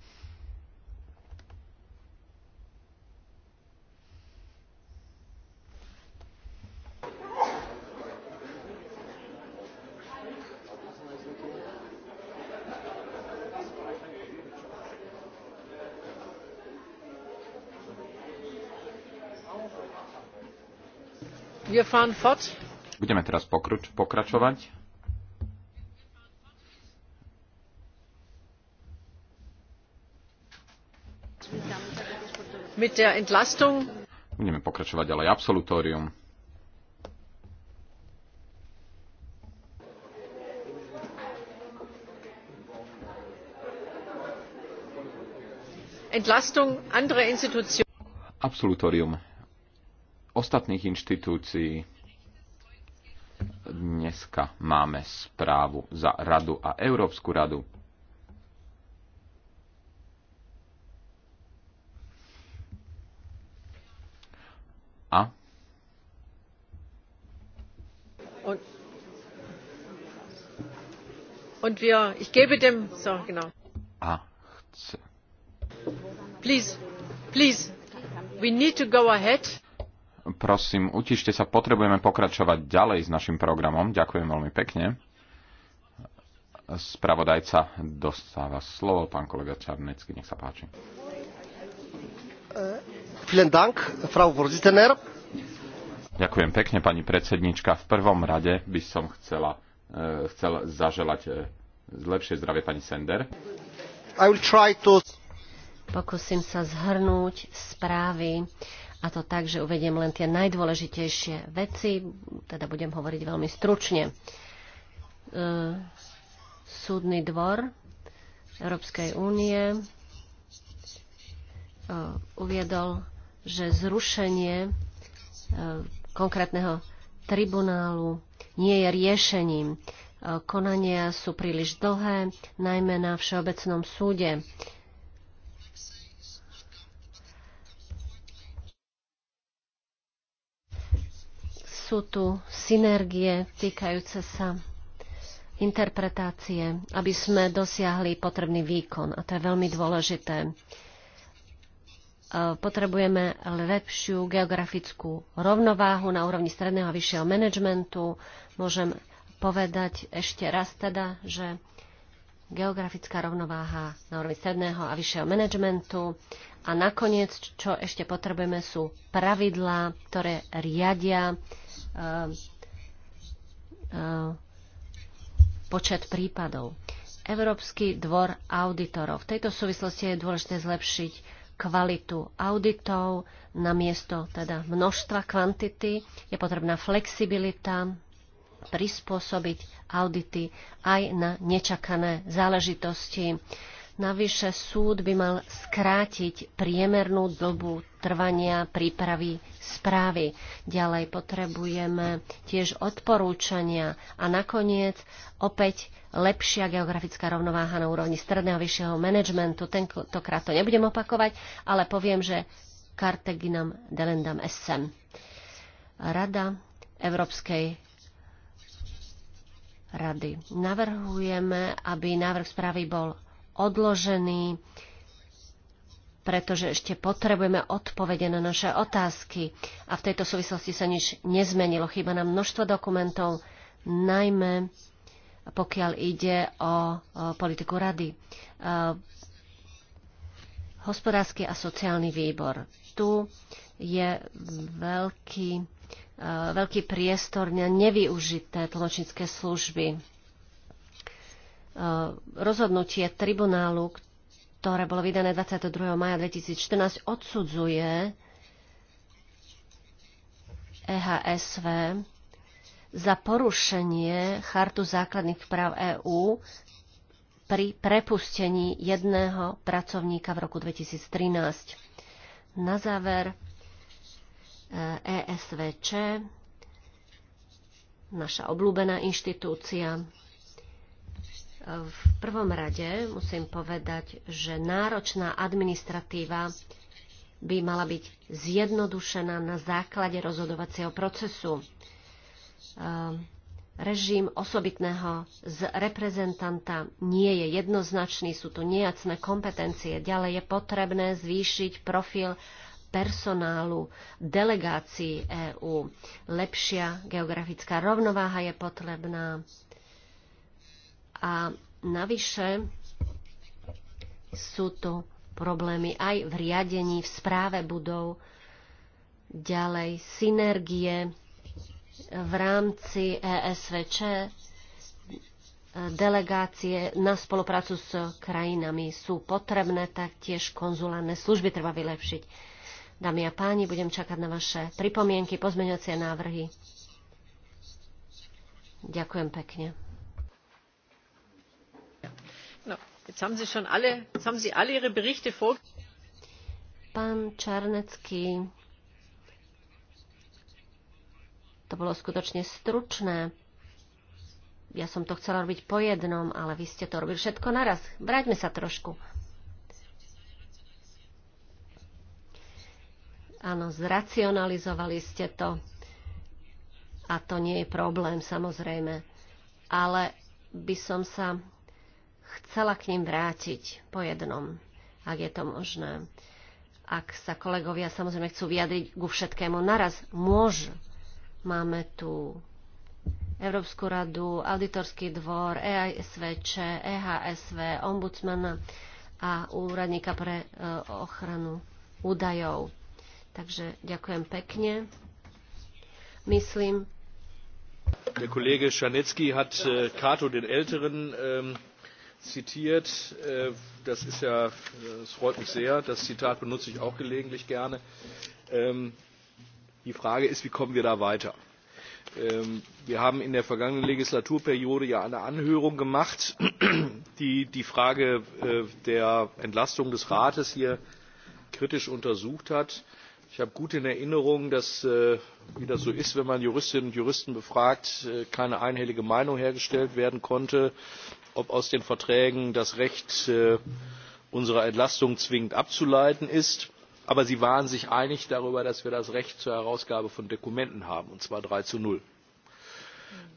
Budeme teraz pokruč, pokračovať. Budeme pokračovať ďalej absolutórium. Entlastung anderer Institutionen. Absolutorium ostatných inštitúcií. Dneska máme správu za Radu a Európsku radu. A Und, wir, ich gebe dem, so, genau. A Please, please, we need to go ahead. Prosím, utište sa, potrebujeme pokračovať ďalej s našim programom. Ďakujem veľmi pekne. Spravodajca dostáva slovo, pán kolega Čarnecký, nech sa páči. Ďakujem pekne, pani predsednička. V prvom rade by som chcela, e, chcel zaželať e, lepšie zdravie pani Sender. I will try to... Pokúsim sa zhrnúť správy a to tak, že uvediem len tie najdôležitejšie veci, teda budem hovoriť veľmi stručne. E, súdny dvor Európskej únie e, uviedol, že zrušenie e, konkrétneho tribunálu nie je riešením. Konania sú príliš dlhé, najmä na Všeobecnom súde. sú tu synergie týkajúce sa interpretácie, aby sme dosiahli potrebný výkon. A to je veľmi dôležité. E, potrebujeme lepšiu geografickú rovnováhu na úrovni stredného a vyššieho manažmentu. Môžem povedať ešte raz teda, že geografická rovnováha na úrovni stredného a vyššieho manažmentu. A nakoniec, čo ešte potrebujeme, sú pravidlá, ktoré riadia Eh, eh, počet prípadov. Európsky dvor auditorov. V tejto súvislosti je dôležité zlepšiť kvalitu auditov na miesto teda množstva kvantity. Je potrebná flexibilita, prispôsobiť audity aj na nečakané záležitosti Navyše súd by mal skrátiť priemernú dobu trvania prípravy správy. Ďalej potrebujeme tiež odporúčania a nakoniec opäť lepšia geografická rovnováha na úrovni stredného a vyššieho manažmentu. Tentokrát to nebudem opakovať, ale poviem, že Carteginam delendam SM. Rada Európskej rady. Navrhujeme, aby návrh správy bol odložený, pretože ešte potrebujeme odpovede na naše otázky. A v tejto súvislosti sa nič nezmenilo. Chýba nám množstvo dokumentov, najmä pokiaľ ide o, politiku rady. E, hospodársky a sociálny výbor. Tu je veľký, e, veľký priestor na nevyužité tlmočnícke služby Eh, rozhodnutie tribunálu, ktoré bolo vydané 22. maja 2014, odsudzuje EHSV za porušenie Chartu základných práv EÚ pri prepustení jedného pracovníka v roku 2013. Na záver ESVČ, eh, e naša obľúbená inštitúcia, v prvom rade musím povedať, že náročná administratíva by mala byť zjednodušená na základe rozhodovacieho procesu. Ehm, režim osobitného z reprezentanta nie je jednoznačný, sú tu nejacné kompetencie. Ďalej je potrebné zvýšiť profil personálu delegácií EÚ. Lepšia geografická rovnováha je potrebná a navyše sú tu problémy aj v riadení, v správe budov, ďalej synergie v rámci ESVČ, delegácie na spoluprácu s krajinami sú potrebné, taktiež konzulárne služby treba vylepšiť. Dámy a páni, budem čakať na vaše pripomienky, pozmeňovacie návrhy. Ďakujem pekne. No, Pán Čarnecký, to bolo skutočne stručné. Ja som to chcela robiť po jednom, ale vy ste to robili všetko naraz. Vráťme sa trošku. Áno, zracionalizovali ste to. A to nie je problém, samozrejme. Ale by som sa chcela k ním vrátiť po jednom, ak je to možné. Ak sa kolegovia samozrejme chcú vyjadriť ku všetkému naraz, môžu. Máme tu Európsku radu, Auditorský dvor, EISVČ, EHSV, ombudsmana a úradníka pre e, ochranu údajov. Takže ďakujem pekne. Myslím. Der Kollege Schanetzky hat Kato äh, den Älteren ähm, zitiert. Äh, das ist ja, das äh, freut mich sehr. Das Zitat benutze ich auch gelegentlich gerne. Ähm, die Frage ist, wie kommen wir da weiter? Ähm, wir haben in der vergangenen Legislaturperiode ja eine Anhörung gemacht, *clears throat* die die Frage äh, der Entlastung des Rates hier kritisch untersucht hat. Ich habe gut in Erinnerung, dass, wie das so ist, wenn man Juristinnen und Juristen befragt, keine einhellige Meinung hergestellt werden konnte ob aus den verträgen das recht äh, unserer entlastung zwingend abzuleiten ist aber sie waren sich einig darüber dass wir das recht zur herausgabe von dokumenten haben und zwar drei zu null.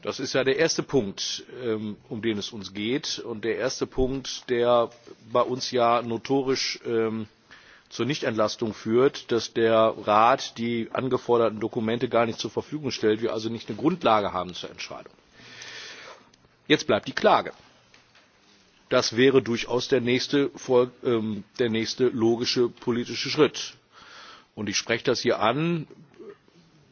das ist ja der erste punkt ähm, um den es uns geht und der erste punkt der bei uns ja notorisch ähm, zur nichtentlastung führt dass der rat die angeforderten dokumente gar nicht zur verfügung stellt wir also nicht eine grundlage haben zur entscheidung. jetzt bleibt die klage das wäre durchaus der nächste, ähm, der nächste logische politische Schritt. Und ich spreche das hier an.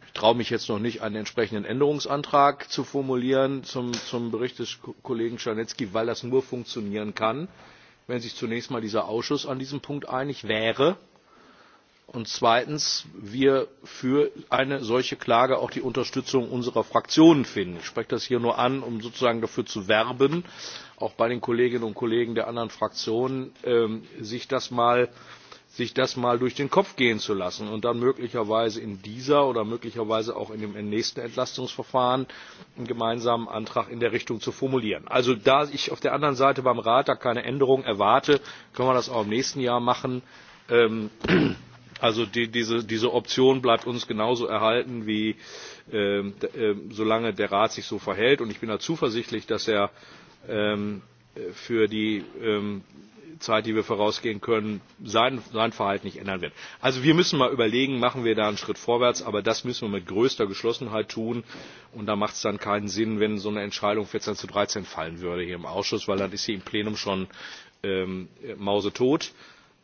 Ich traue mich jetzt noch nicht, einen entsprechenden Änderungsantrag zu formulieren zum, zum Bericht des Kollegen Czarnecki, weil das nur funktionieren kann, wenn sich zunächst mal dieser Ausschuss an diesem Punkt einig wäre und zweitens wir für eine solche klage auch die unterstützung unserer fraktionen finden. ich spreche das hier nur an um sozusagen dafür zu werben auch bei den kolleginnen und kollegen der anderen fraktionen ähm, sich das mal durch den Kopf gehen zu lassen und dann möglicherweise in dieser oder möglicherweise auch in dem nächsten Entlastungsverfahren einen gemeinsamen Antrag in der Richtung zu formulieren. Also da ich auf der anderen Seite beim Rat da keine Änderung erwarte, können wir das auch im nächsten Jahr machen. Ähm, also die, diese, diese option bleibt uns genauso erhalten wie äh, solange der rat sich so verhält und ich bin da zuversichtlich dass er ähm, für die ähm, zeit die wir vorausgehen können sein, sein verhalten nicht ändern wird. also wir müssen mal überlegen machen wir da einen schritt vorwärts aber das müssen wir mit größter geschlossenheit tun und da macht es dann keinen sinn wenn so eine entscheidung vierzehn zu dreizehn fallen würde hier im ausschuss weil dann ist sie im plenum schon ähm, mausetot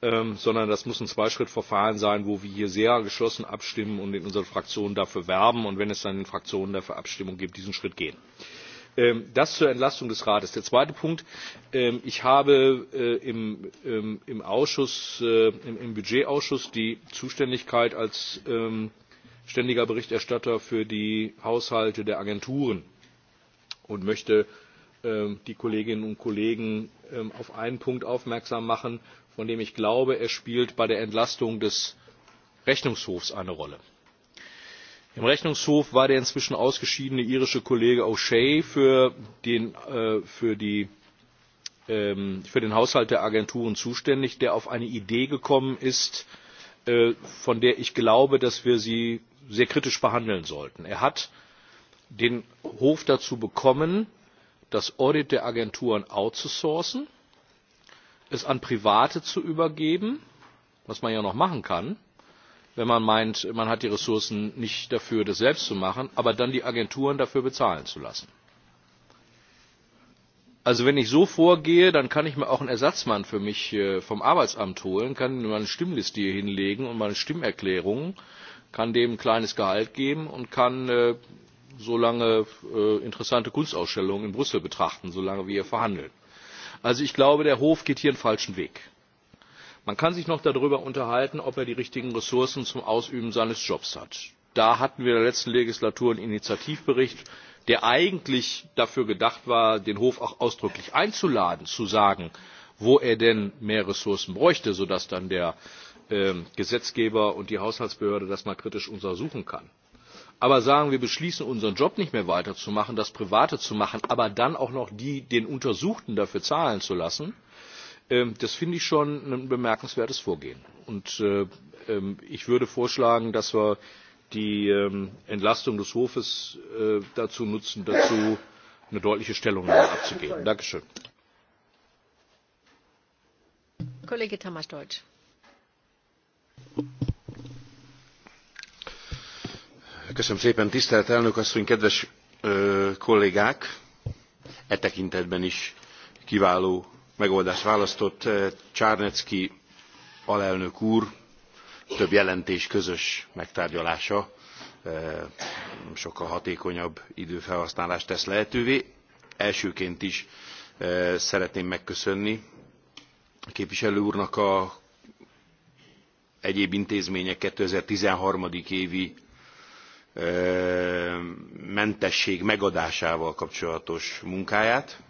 Ähm, sondern das muss ein Zweischrittverfahren sein, wo wir hier sehr geschlossen abstimmen und in unseren Fraktionen dafür werben und wenn es dann in Fraktionen dafür Abstimmung gibt, diesen Schritt gehen. Ähm, das zur Entlastung des Rates. Der zweite Punkt. Ähm, ich habe äh, im, im Ausschuss, äh, im Budgetausschuss die Zuständigkeit als ständiger Berichterstatter für die Haushalte der Agenturen und möchte die Kolleginnen und Kollegen auf einen Punkt aufmerksam machen, von dem ich glaube er spielt bei der entlastung des rechnungshofs eine rolle. im rechnungshof war der inzwischen ausgeschiedene irische kollege o'shea für den, äh, für, die, ähm, für den haushalt der agenturen zuständig der auf eine idee gekommen ist äh, von der ich glaube dass wir sie sehr kritisch behandeln sollten. er hat den hof dazu bekommen das audit der agenturen outzusourcen es an Private zu übergeben, was man ja noch machen kann, wenn man meint, man hat die Ressourcen nicht dafür, das selbst zu machen, aber dann die Agenturen dafür bezahlen zu lassen. Also wenn ich so vorgehe, dann kann ich mir auch einen Ersatzmann für mich äh, vom Arbeitsamt holen, kann mir eine Stimmliste hier hinlegen und meine Stimmerklärung, kann dem ein kleines Gehalt geben und kann äh, so lange äh, interessante Kunstausstellungen in Brüssel betrachten, solange wir hier verhandeln also ich glaube der hof geht hier einen falschen weg. man kann sich noch darüber unterhalten ob er die richtigen ressourcen zum ausüben seines jobs hat. da hatten wir in der letzten legislatur einen initiativbericht der eigentlich dafür gedacht war den hof auch ausdrücklich einzuladen zu sagen wo er denn mehr ressourcen bräuchte sodass dann der ähm, gesetzgeber und die haushaltsbehörde das mal kritisch untersuchen kann aber sagen wir beschließen unseren job nicht mehr weiterzumachen das private zu machen aber dann auch noch die den untersuchten dafür zahlen zu lassen ähm, das finde ich schon ein bemerkenswertes vorgehen. Und äh, ähm, ich würde vorschlagen dass wir die ähm, entlastung des hofes äh, dazu nutzen dazu eine deutliche stellungnahme abzugeben. dankeschön. kollege deutsch. Köszönöm szépen, tisztelt elnök asszony, kedves kollégák! E tekintetben is kiváló megoldást választott Csárnecki alelnök úr, több jelentés közös megtárgyalása sokkal hatékonyabb időfelhasználást tesz lehetővé. Elsőként is szeretném megköszönni a képviselő úrnak az egyéb intézmények 2013. évi mentesség megadásával kapcsolatos munkáját,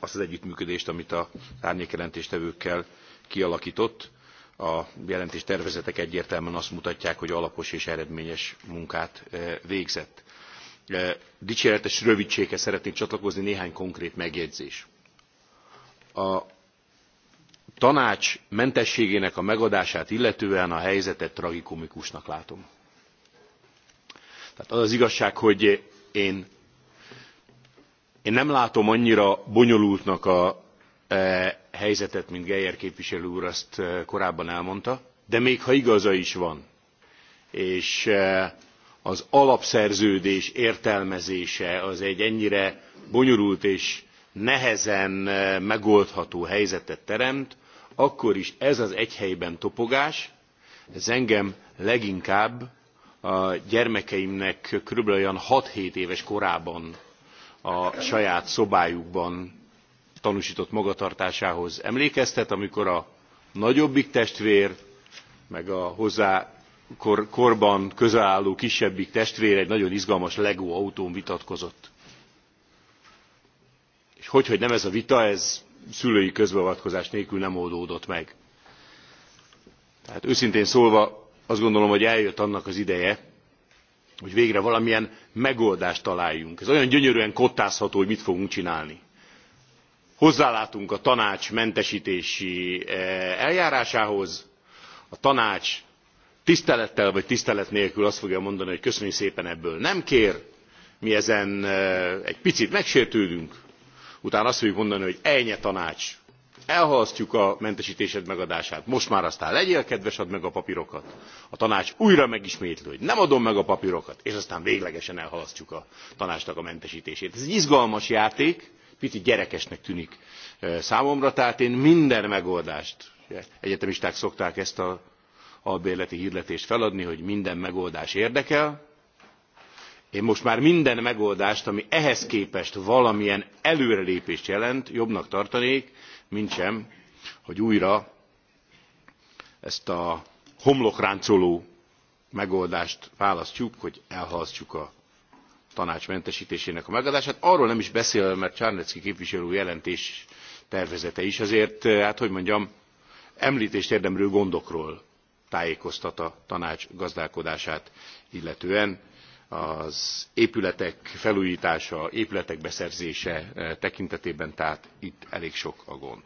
azt az együttműködést, amit a árnyékjelentéstevőkkel kialakított. A jelentés tervezetek egyértelműen azt mutatják, hogy alapos és eredményes munkát végzett. Dicséretes rövidséghez szeretnék csatlakozni néhány konkrét megjegyzés. A tanács mentességének a megadását illetően a helyzetet tragikomikusnak látom. Tehát az az igazság, hogy én, én nem látom annyira bonyolultnak a e, helyzetet, mint Geyer képviselő úr azt e, korábban elmondta, de még ha igaza is van, és e, az alapszerződés értelmezése az egy ennyire bonyolult és nehezen e, megoldható helyzetet teremt, akkor is ez az egy helyben topogás, ez engem leginkább a gyermekeimnek körülbelül olyan 6-7 éves korában a saját szobájukban tanúsított magatartásához emlékeztet, amikor a nagyobbik testvér, meg a hozzá kor, korban álló kisebbik testvér egy nagyon izgalmas Lego autón vitatkozott. És hogy, hogy nem ez a vita, ez szülői közbeavatkozás nélkül nem oldódott meg. Tehát őszintén szólva azt gondolom hogy eljött annak az ideje hogy végre valamilyen megoldást találjunk. ez olyan gyönyörűen kottázható hogy mit fogunk csinálni. hozzálátunk a tanács mentestési eh, eljárásához a tanács tisztelettel vagy tisztelet nélkül azt fogja mondani hogy köszönjük szépen ebből nem kér mi ezen eh, egy picit megsértődünk utána azt fogjuk mondani hogy ejnye tanács elhalasztjuk a mentestésed megadását most már aztán legyél kedves add meg a papírokat a tanács újra megismétli hogy nem adom meg a papírokat és aztán véglegesen elhalasztjuk a tanácsnak a mentestését. ez egy izgalmas játék picit gyerekesnek tűnik e, számomra tehát én minden megoldást egyetemisták szokták ezt a albérleti hirdetést feladni hogy minden megoldás érdekel én most már minden megoldást ami ehhez képest valamilyen előrelépést jelent jobbnak tartanék mintsem, hogy újra ezt a homlokráncoló megoldást választjuk, hogy elhalasztjuk a tanács mentesítésének a megadását. Arról nem is beszélve, mert Csárnecki képviselő jelentés tervezete is azért, eh, hát hogy mondjam, említést érdemlő gondokról tájékoztat a tanács gazdálkodását illetően az épületek felújítása, épületek beszerzése eh, tekintetében, tehát itt elég sok a gond.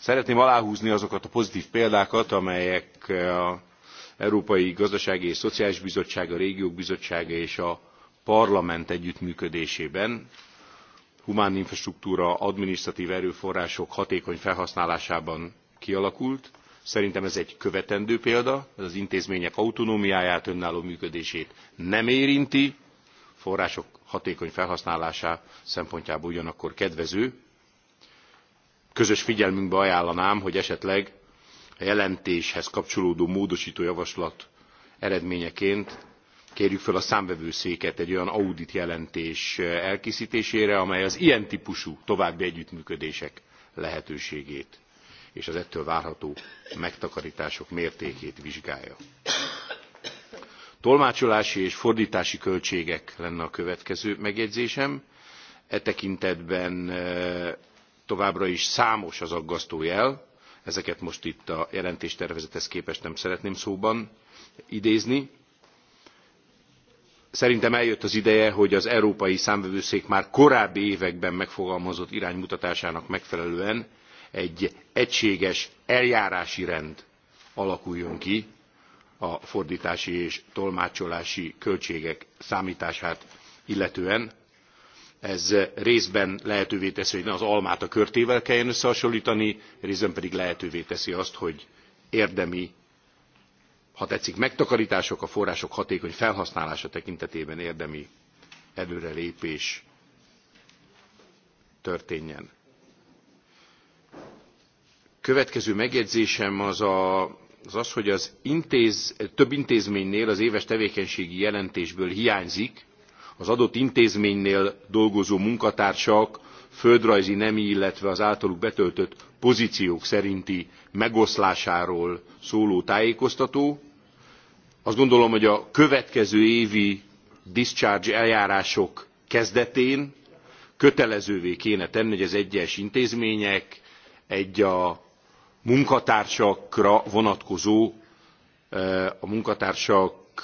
Szeretném aláhúzni azokat a pozitív példákat, amelyek eh, a Európai Gazdasági és Szociális Bizottság, a Régiók Bizottsága és a Parlament együttműködésében humán infrastruktúra, adminisztratív erőforrások hatékony felhasználásában kialakult, Szerintem ez egy követendő példa, ez az intézmények autonómiáját, önálló működését nem érinti, források hatékony felhasználása szempontjából ugyanakkor kedvező. Közös figyelmünkbe ajánlanám, hogy esetleg a jelentéshez kapcsolódó módosító javaslat eredményeként kérjük fel a számvevőszéket egy olyan audit jelentés elkészítésére, amely az ilyen típusú további együttműködések lehetőségét és az ettől várható megtakarítások mértékét vizsgálja. Tolmácsolási és fordítási költségek lenne a következő megjegyzésem. E tekintetben e, továbbra is számos az aggasztó jel, ezeket most itt a jelentéstervezethez képest nem szeretném szóban idézni. Szerintem eljött az ideje, hogy az Európai Számvevőszék már korábbi években megfogalmazott iránymutatásának megfelelően egy egységes eljárási rend alakuljon ki a fordtási és tolmácsolási költségek számtását illetően. ez részben lehetővé teszi hogy ne az almát a körtével kelljen összehasonltani részben pedig lehetővé teszi azt hogy érdemi ha tetszik megtakartások a források hatékony felhasználása tekintetében érdemi előrelépés történjen következő megjegyzésem az a az az, hogy az intéz, több intézménynél az éves tevékenységi jelentésből hiányzik az adott intézménynél dolgozó munkatársak földrajzi nemi, illetve az általuk betöltött pozíciók szerinti megoszlásáról szóló tájékoztató. Azt gondolom, hogy a következő évi discharge eljárások kezdetén kötelezővé kéne tenni, hogy az egyes intézmények egy a munkatársakra vonatkozó a munkatársak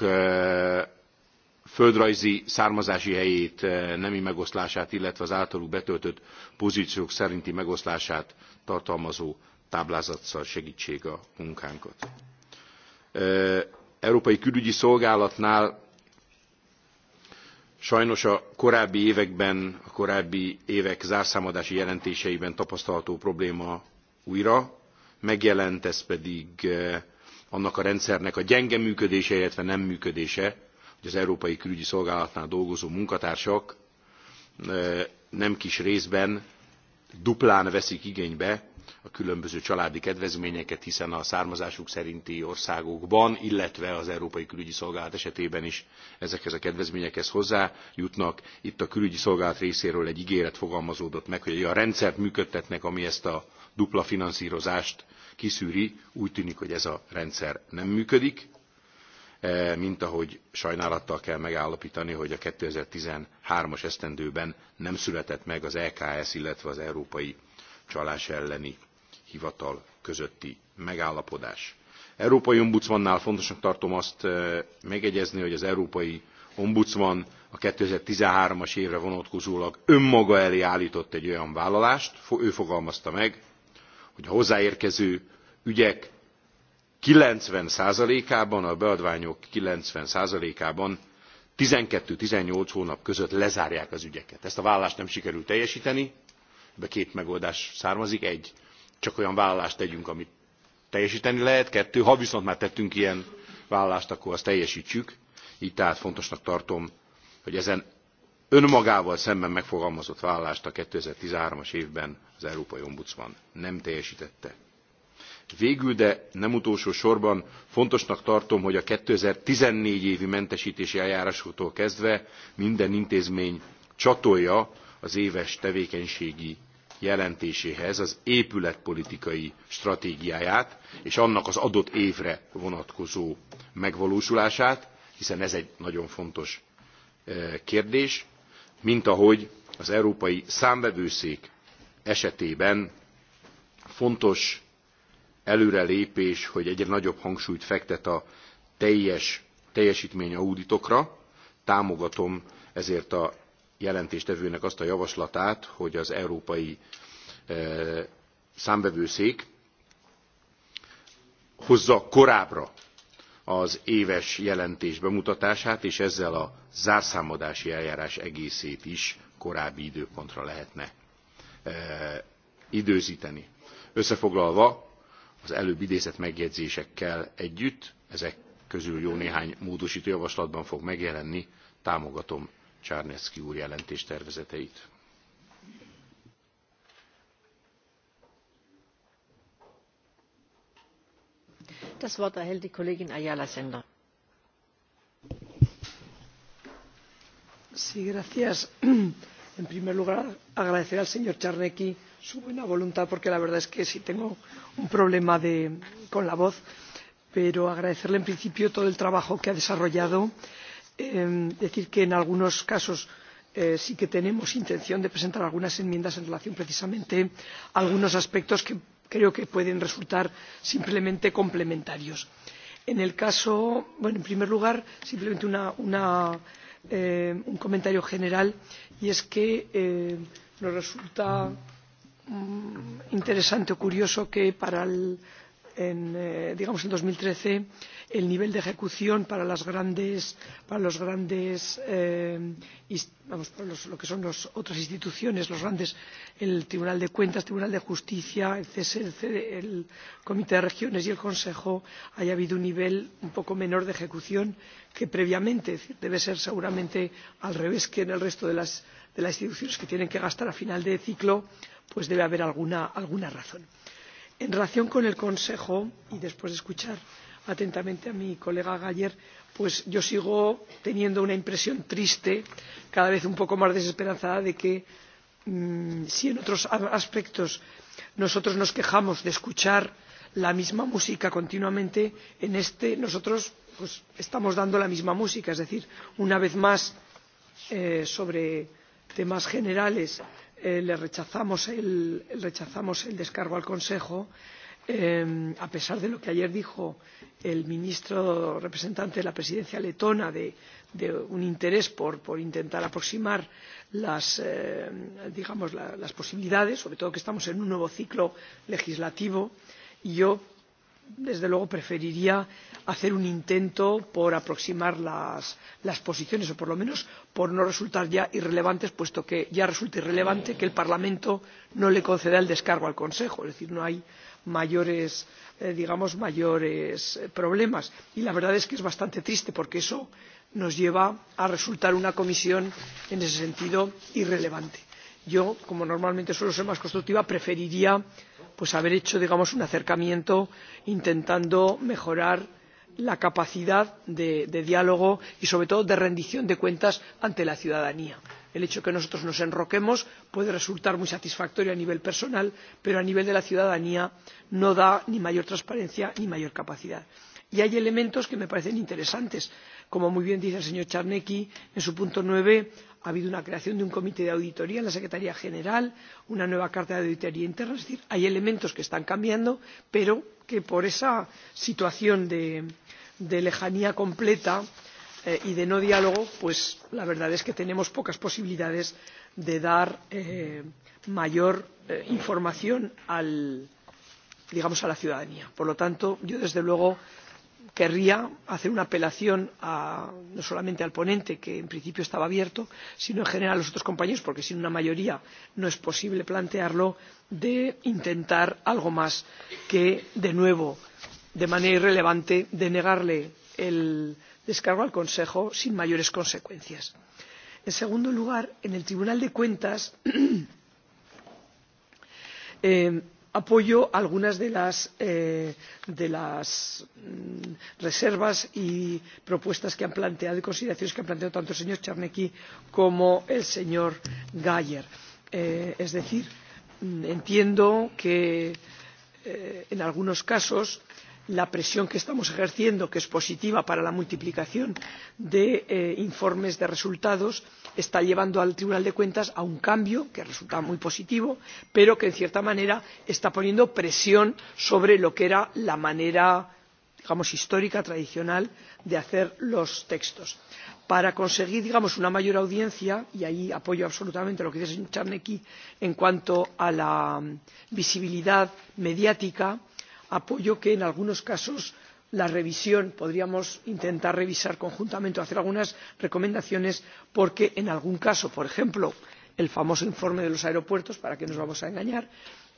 földrajzi származási helyét nemi megoszlását illetve az általuk betöltött pozciók szerinti megoszlását tartalmazó táblázattal segtség a munkánkat. európai külügyi szolgálatnál sajnos a korábbi években a korábbi évek zárszámadási jelentéseiben tapasztalható probléma újra megjelent, ez pedig eh, annak a rendszernek a gyenge működése, illetve nem működése, hogy az Európai Külügyi Szolgálatnál dolgozó munkatársak eh, nem kis részben duplán veszik igénybe a különböző családi kedvezményeket, hiszen a származásuk szerinti országokban, illetve az Európai Külügyi Szolgálat esetében is ezekhez a kedvezményekhez hozzájutnak. Itt a külügyi szolgálat részéről egy ígéret fogalmazódott meg, hogy olyan rendszert működtetnek, ami ezt a dupla finanszírozást kiszűri. Úgy tűnik, hogy ez a rendszer nem működik, e, mint ahogy sajnálattal kell megállapítani, hogy a 2013-as esztendőben nem született meg az EKS, illetve az Európai Csalás elleni Hivatal közötti megállapodás. Európai Ombudsmannál fontosnak tartom azt e, megegyezni, hogy az Európai ombudsman a two thousand and thirteen as évre vonatkozólag önmaga elé álltott egy olyan vállalást ő fogalmazta meg hogy a hozzáérkező ügyek 90%-ában, a beadványok 90%-ában 12-18 hónap között lezárják az ügyeket. Ezt a vállást nem sikerül teljesíteni, ebbe két megoldás származik. Egy, csak olyan vállalást tegyünk, amit teljesíteni lehet. Kettő, ha viszont már tettünk ilyen vállalást, akkor azt teljesítsük. Így tehát fontosnak tartom, hogy ezen önmagával szemben megfogalmazott vállalást a two thousand and thirteen as évben az európai ombudsman nem teljestette. végül de nem utolsó sorban fontosnak tartom hogy a two thousand and fourteen évi mentestési eljárásoktól kezdve minden intézmény csatolja az éves tevékenységi jelentéséhez az épületpolitikai stratégiáját és annak az adott évre vonatkozó megvalósulását hiszen ez egy nagyon fontos eh, kérdés mint ahogy az európai számvevőszék esetében fontos előrelépés hogy egyre nagyobb hangsúlyt fektet a teljes teljestményauditokra támogatom ezért a jelentéstevőnek azt a javaslatát hogy az európai e, számvevőszék hozza korábbra az éves jelentés bemutatását, és ezzel a zárszámadási eljárás egészét is korábbi időpontra lehetne e, időzíteni. Összefoglalva, az előbb idézett megjegyzésekkel együtt, ezek közül jó néhány módosító javaslatban fog megjelenni, támogatom Csárnecki úr jelentés tervezeteit. Das Wort erhält die Kollegin Ayala Sender. En primer lugar, agradecer al señor Czarnecki su buena voluntad, porque la verdad es que sí tengo un problema con la voz, pero agradecerle en principio todo el trabajo que ha desarrollado. decir que en algunos casos eh, sí que tenemos intención de presentar algunas enmiendas en relación precisamente a algunos aspectos que creo que pueden resultar simplemente complementarios. En, el caso, en primer lugar simplemente eh, un comentario general y es que eh, nos resulta mm, interesante o curioso que para el, Eh, en dos mil trece el nivel de ejecución para, las grandes, para, los grandes, eh, lo que son las otras instituciones los grandes, el tribunal de cuentas el tribunal de justicia el cslc e, el comité de regiones y el consejo haya habido un nivel un poco menor de ejecución que previamente. Es decir, debe ser seguramente al revés que en el resto de las, instituciones que tienen que gastar a final de ciclo pues debe haber alguna razón en relación con el consejo y después de escuchar atentamente a mi colega gallagher pues yo sigo teniendo una impresión triste cada vez un poco más desesperanzada de que mm, si en otros aspectos nosotros nos quejamos de escuchar la misma música continuamente en este nosotros pues, estamos dando la misma música es decir una vez más eh, sobre temas generales Eh, le rechazamos el, descargo al consejo eh, a pesar de lo que ayer dijo el ministro representante de la presidencia letona de, un interés por, intentar aproximar las, eh, las posibilidades sobre todo que estamos en un nuevo ciclo legislativo y yo desde luego preferiría hacer un intento por aproximar las, posiciones o por lo menos por no resultar ya irrelevantes puesto que ya resulta irrelevante que el parlamento no le conceda el descargo al consejo es decir no hay mayores, eh, mayores eh, problemas y la verdad es que es bastante triste porque eso nos lleva a resultar una comisión en ese sentido irrelevante yo como normalmente suelo ser más constructiva preferiría haber hecho digamos un acercamiento intentando mejorar la capacidad de, de diálogo y sobre todo de rendición de cuentas ante la ciudadanía. el hecho de que nosotros nos enroquemos puede resultar muy satisfactorio a nivel personal pero a nivel de la ciudadanía no da ni mayor transparencia ni mayor capacidad y hay elementos que me parecen interesantes como muy bien dice el señor czarnecki en su punto nueve ha habido una creación de un comité de auditoría en la secretaría general una nueva carta de auditoría interna es decir hay elementos que están cambiando pero que por esa situación de, lejanía completa eh, y de no diálogo pues la verdad es que tenemos pocas posibilidades de dar eh, mayor eh, información a la ciudadanía. por lo tanto yo desde luego querría hacer una apelación no solamente al ponente que en principio estaba abierto sino en general a los otros compañeros porque sin una mayoría no es posible plantearlo de intentar algo más que de nuevo de manera irrelevante denegarle el descargo al consejo sin mayores consecuencias. en segundo lugar en el tribunal de cuentas *clears throat* eh, apoyo algunas de las, eh, mm, reservas y propuestas que han planteado y consideraciones que han planteado tanto el señor czarnecki como el señor geier. Eh, es decir mm, entiendo que eh, en algunos casos la presión que estamos ejerciendo que es positiva para la multiplicación de eh, informes de resultados está llevando al tribunal de cuentas a un cambio que resulta muy positivo pero que en cierta manera está poniendo presión sobre lo que era la manera digamos histórica tradicional de hacer los textos. para conseguir digamos una mayor audiencia y ahí apoyo absolutamente lo que dice el señor czarnecki en cuanto a la mm, visibilidad mediática apoyo que en algunos casos la revisión podríamos intentar revisar conjuntamente o hacer algunas recomendaciones porque en algún caso por ejemplo el famoso informe de los aeropuertos para qué nos vamos a engañar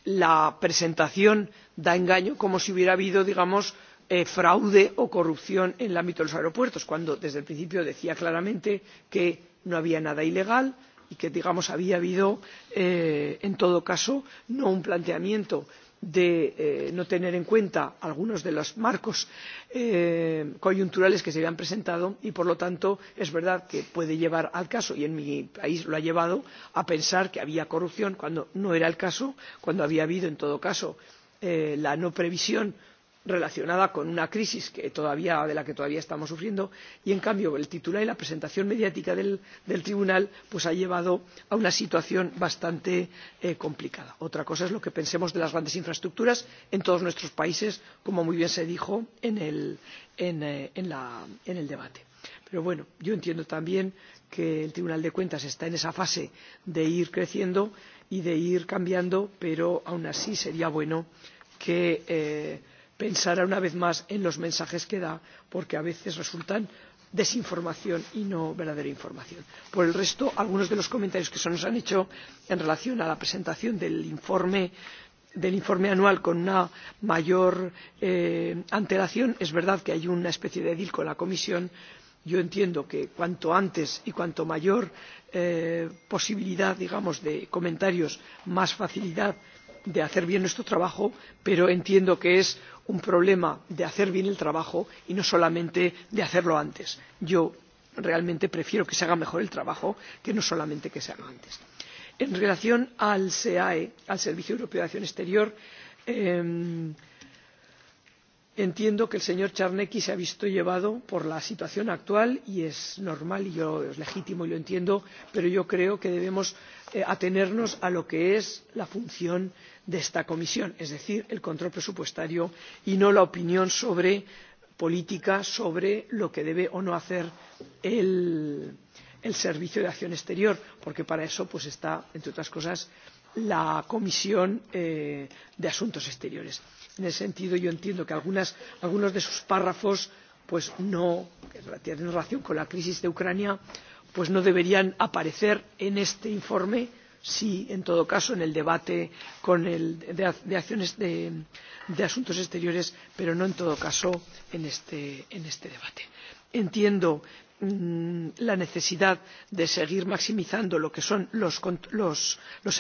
la presentación da engaño como si hubiera habido digamos eh, fraude o corrupción en el ámbito de los aeropuertos cuando desde el principio decía claramente que no había nada ilegal y que digamos había habido eh, en todo caso no un planteamiento de eh, no tener en cuenta algunos de los marcos eh, coyunturales que se habían presentado y por lo tanto es verdad que puede llevar al caso y en mi país lo ha llevado a pensar que había corrupción cuando no era el caso cuando había habido en todo caso eh, la no previsión de relacionada con una crisis de la que todavía estamos sufriendo y en cambio el titular y la presentación mediática del, tribunal han llevado a una situación bastante eh, complicada. otra cosa es lo que pensemos de las grandes infraestructuras en todos nuestros países como muy bien se dijo en el, eh, en el debate. pero bueno yo entiendo también que el tribunal de cuentas está en esa fase de ir creciendo y de ir cambiando pero aun así sería bueno que eh, pensara una vez más en los mensajes que da porque a veces resultan desinformación y no verdadera información. por el resto algunos de los comentarios que se nos han hecho en relación con la presentación del informe anual con una mayor eh, antelación es verdad que hay una especie de deal con la comisión yo entiendo que cuanto antes y cuanta mayor eh, posibilidad digamos de comentarios más facilidad de hacer bien nuestro trabajo pero entiendo que es un problema de hacer bien el trabajo y no solamente de hacerlo antes. yo realmente prefiero que se haga mejor el trabajo que no solamente que se haga antes. en relación con el seae el servicio europeo de acción exterior eh, entiendo que el señor czarnecki se ha visto llevado por la situación actual y es normal y yo, es legítimo y lo entiendo pero yo creo que debemos eh, atenernos a lo que es la función de esta comisión es decir el control presupuestario y no la opinión sobre política sobre lo que debe o no hacer el, servicio europeo de acción exterior porque para eso está entre otras cosas la comisión eh, de asuntos exteriores. en ese sentido yo entiendo que algunos de sus párrafos no, que tienen relación con la crisis de ucrania no deberían aparecer en este informe sí en todo caso en el debate de, acciones de, asuntos exteriores pero no en todo caso en este, en este debate. entiendo Mm, la necesidad de seguir maximizando lo que son los,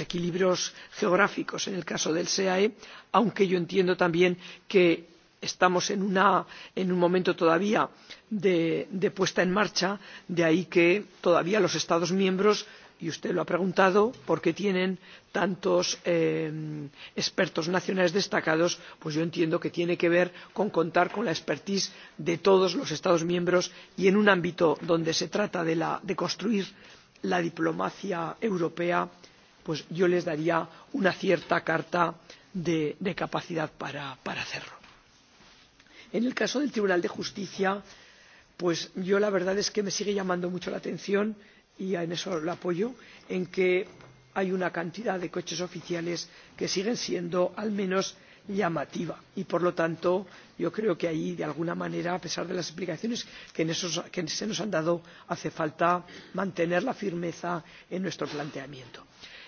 equilibrios geográficos en el caso del seae aunque yo entiendo también que estamos en, un momento todavía de, de puesta en marcha de ahí que todavía los estados miembros y usted lo ha preguntado por qué tienen tantos eh, expertos nacionales destacados pues yo entiendo que tiene que ver con contar con la expertise de todos los estados miembros y en un ámbito donde se trata de, la, de construir la diplomacia europea pues yo les daría una cierta carta de, de capacidad para, para hacerlo. en el caso del tribunal de justicia pues yo la verdad es que me sigue llamando mucho la atención que y en eso la apoyo en que hay una cantidad de coches oficiales que siguen siendo al menos llamativa y por lo tanto yo creo que ahí de alguna manera a pesar de las explicaciones que, se nos han dado hace falta mantener la firmeza en nuestro planteamiento.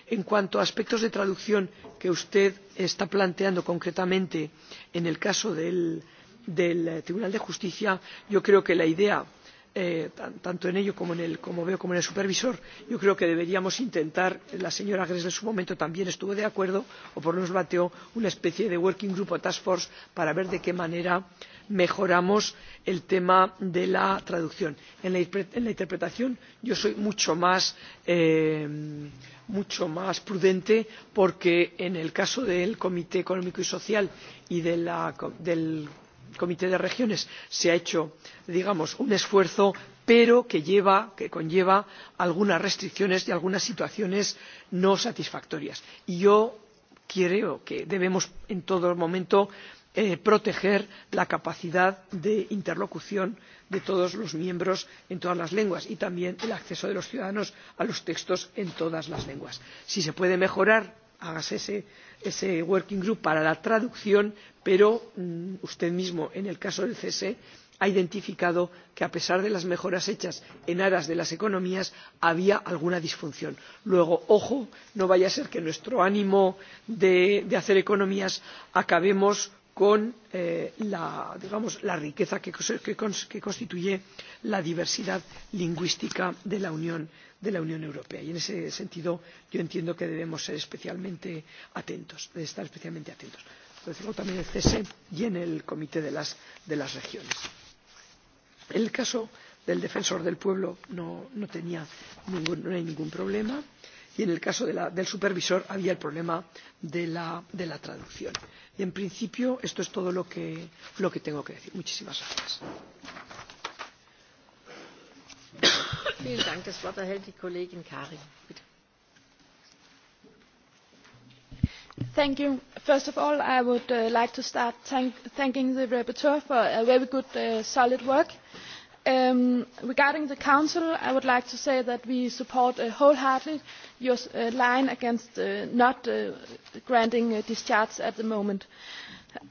en cuanto a aspectos de traducción que usted está planteando concretamente en el caso del, eh, tribunal de justicia yo creo que la idea Eh, tanto en ello como, en el, como veo como en el supervisor yo creo que deberíamos intentar la señora grle en su momento también estuvo de acuerdo o por lo menos planteó una especie de working group o task force para ver de qué manera mejoramos el tema de la traducción. en la, interpretación yo soy eh, mucho más, prudente porque en el caso del comité económico y social y de la, del comité de regiones se ha hecho digamos un esfuerzo pero que, conlleva algunas restricciones y algunas situaciones no satisfactorias y yo creo que debemos en todo momento eh, proteger la capacidad de interlocución de todos los miembros en todas las lenguas y también el acceso de los ciudadanos a los textos en todas las lenguas. si se puede mejorar hágase ese ese working group para la traducción pero mm, usted mismo en el caso del cese ha identificado que a pesar de las mejoras hechas en aras de las economías había alguna disfunción. luego ojo no vaya a ser que en nuestro ánimo de hacer economías acabemos con eh, la, riqueza que, constituye la diversidad lingüística de la, unión, europea y en ese sentido yo entiendo que debemos ser especialmente atentos estar especialmente atentos lo decimos también en el cese y en el comité de las, regiones. en el caso del defensor del pueblo no, no tenía ningún, no hay ningún problema y en el caso del supervisor había el problema de la, traducción. en principio esto es todo lo que, tengo que decir. muchísimas gracias. first of all i would uh, like to start thanking the rapporteur for very good uh, solid work. Um, regarding the council i would like to say that we support uh, wholeheartedly your uh, line against uh, not granting a discharge at the moment.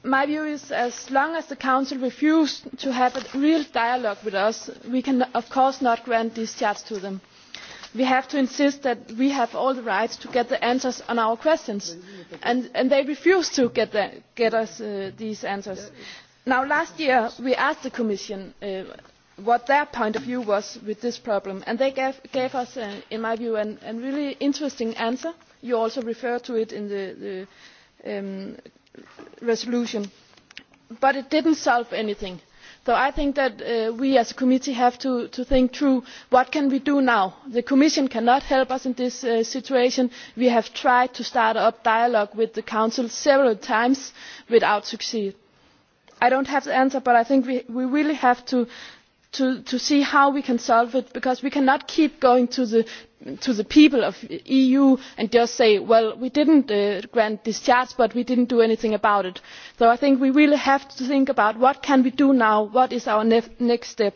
my view is that as long as the council refuses to have a real dialogue with us we can of course not grant discharge to them. we have to insist that we have all the rights to get the answers on our questions and, and they refuse to get, the, get us these answers. Now, last year we asked the commission what their point of view was with this problem and they gave, gave us uh, in my view a really interesting answer you also refer to it in the, the um, resolution but it did not solve anything so i think that uh, we as a committee have to, think through what we can do now. the commission cannot help us in this uh, situation. we have tried to start up dialogue with the council several times without success. i do not have the answer but i think we, we really have to to, see how we can solve it because we cannot keep going to the, people of the eu and just say well we did not uh, grant discharge but we did not do anything about it. so i think we really have to think about what we can do now what is our next step?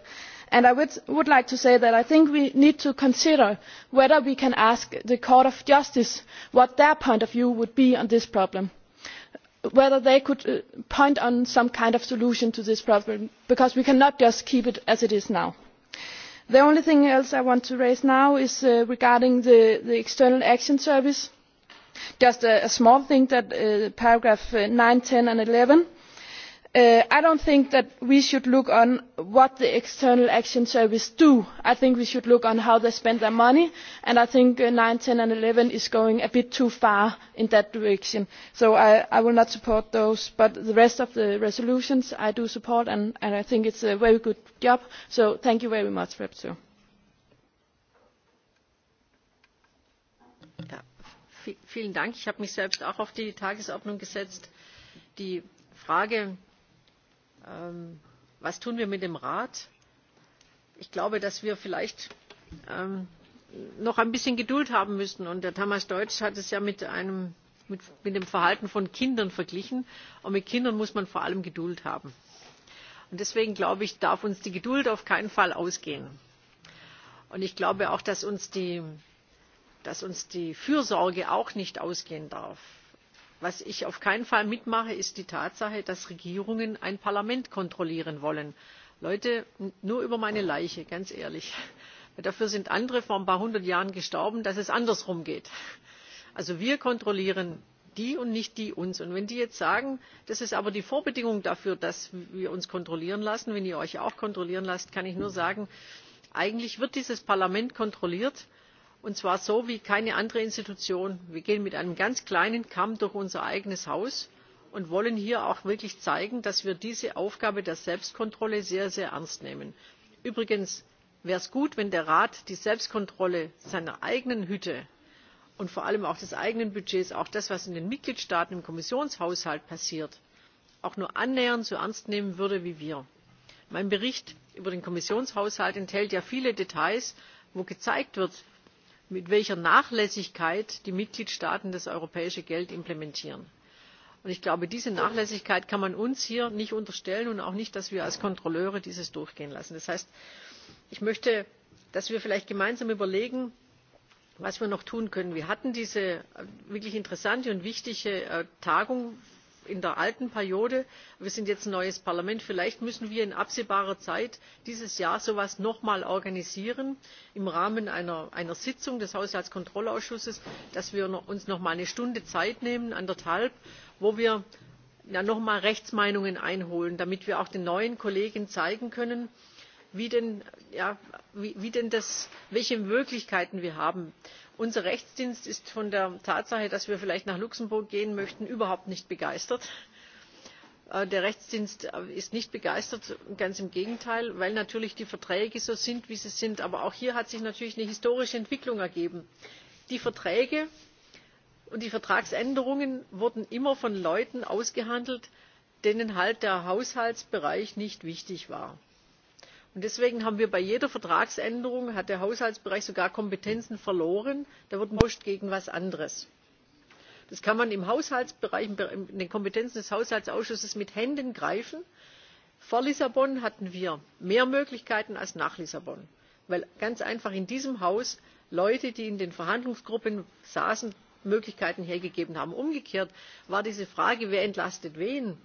and i would like to say that i think we need to consider whether we can ask the court of justice what their point of view would be on this problem whether they could uh, point to some kind of solution to this problem because we cannot just keep it as it is now. the only thing else i want to raise now is uh, regarding the, external action service just a, small thing that uh, paragraphs nine ten and eleven Uh, i do not think that we should look at what the external action service does i think we should look at how they spend their money and i think uh, nine ten and eleven is going a bit too far in that direction so i, I will not support those but the rest of the resolutions i do support and, i think it is a very good job so thank you very much rapporteur. vielen dank. ich habe mich selbst auch auf die tagesordnung gesetzt. die frage Ähm, was tun wir mit dem Rat? Ich glaube, dass wir vielleicht ähm, noch ein bisschen Geduld haben müssen. Und der Thomas Deutsch hat es ja mit, einem, mit, mit dem Verhalten von Kindern verglichen. Und mit Kindern muss man vor allem Geduld haben. Und deswegen glaube ich, darf uns die Geduld auf keinen Fall ausgehen. Und ich glaube auch, dass uns die, dass uns die Fürsorge auch nicht ausgehen darf was ich auf keinen fall mitmache ist die tatsache dass regierungen ein parlament kontrollieren wollen. leute nur über meine leiche ganz ehrlich. *laughs* dafür sind andere vor ein paar hundert jahren gestorben dass es andersrum geht. also wir kontrollieren die und nicht die uns. und wenn die jetzt sagen das ist aber die vorbedingung dafür dass wir uns kontrollieren lassen wenn ihr euch auch kontrollieren lasst kann ich nur sagen eigentlich wird dieses parlament kontrolliert und zwar so wie keine andere institution. wir gehen mit einem ganz kleinen kamm durch unser eigenes haus und wollen hier auch wirklich zeigen dass wir diese aufgabe der selbstkontrolle sehr sehr ernst nehmen. übrigens wäre es gut wenn der rat die selbstkontrolle seiner eigenen Hütte und vor allem auch des eigenen budgets auch das was in den mitgliedstaaten im kommissionshaushalt passiert auch nur annähernd so ernst nehmen würde wie wir. mein bericht über den kommissionshaushalt enthält ja viele details wo gezeigt wird mit welcher nachlässigkeit die mitgliedstaaten das europäische geld implementieren. Und ich glaube diese nachlässigkeit kann man uns hier nicht unterstellen und auch nicht dass wir als kontrolleure dies durchgehen lassen. das heißt ich möchte dass wir vielleicht gemeinsam überlegen was wir noch tun können. wir hatten diese äh, wirklich interessante und wichtige äh, tagung in der alten periode wir sind jetzt ein neues parlament vielleicht müssen wir in absehbarer zeit dieses jahr so etwas noch einmal organisieren im rahmen einer, sitzung des haushaltskontrollausschusses dass wir uns noch einmal eine stunde zeit nehmen anderthalb wo wir noch einmal rechtsmeinungen einholen damit wir auch den neuen kollegen zeigen können wie denn, ja, wie, wie denn das, welche möglichkeiten wir haben. unser rechtsdienst ist von der tatsache dass wir vielleicht nach luxemburg gehen möchten überhaupt nicht begeistert. Äh, der rechtsdienst äh, ist nicht begeistert ganz im gegenteil weil natürlich die verträge so sind wie sie sind. aber auch hier hat sich natürlich eine historische entwicklung ergeben. die verträge und die vertragsänderungen wurden immer von leuten ausgehandelt denen halt der haushaltsbereich nicht wichtig war Und deswegen haben wir bei jeder Vertragsänderung, hat der Haushaltsbereich sogar Kompetenzen verloren, da wird getauscht gegen etwas anderes. Das kann man im Haushaltsbereich, in den Kompetenzen des Haushaltsausschusses mit Händen greifen. Vor Lissabon hatten wir mehr Möglichkeiten als nach Lissabon, weil ganz einfach in diesem Haus Leute, die in den Verhandlungsgruppen saßen, Möglichkeiten hergegeben haben. Umgekehrt war diese Frage, wer entlastet wen,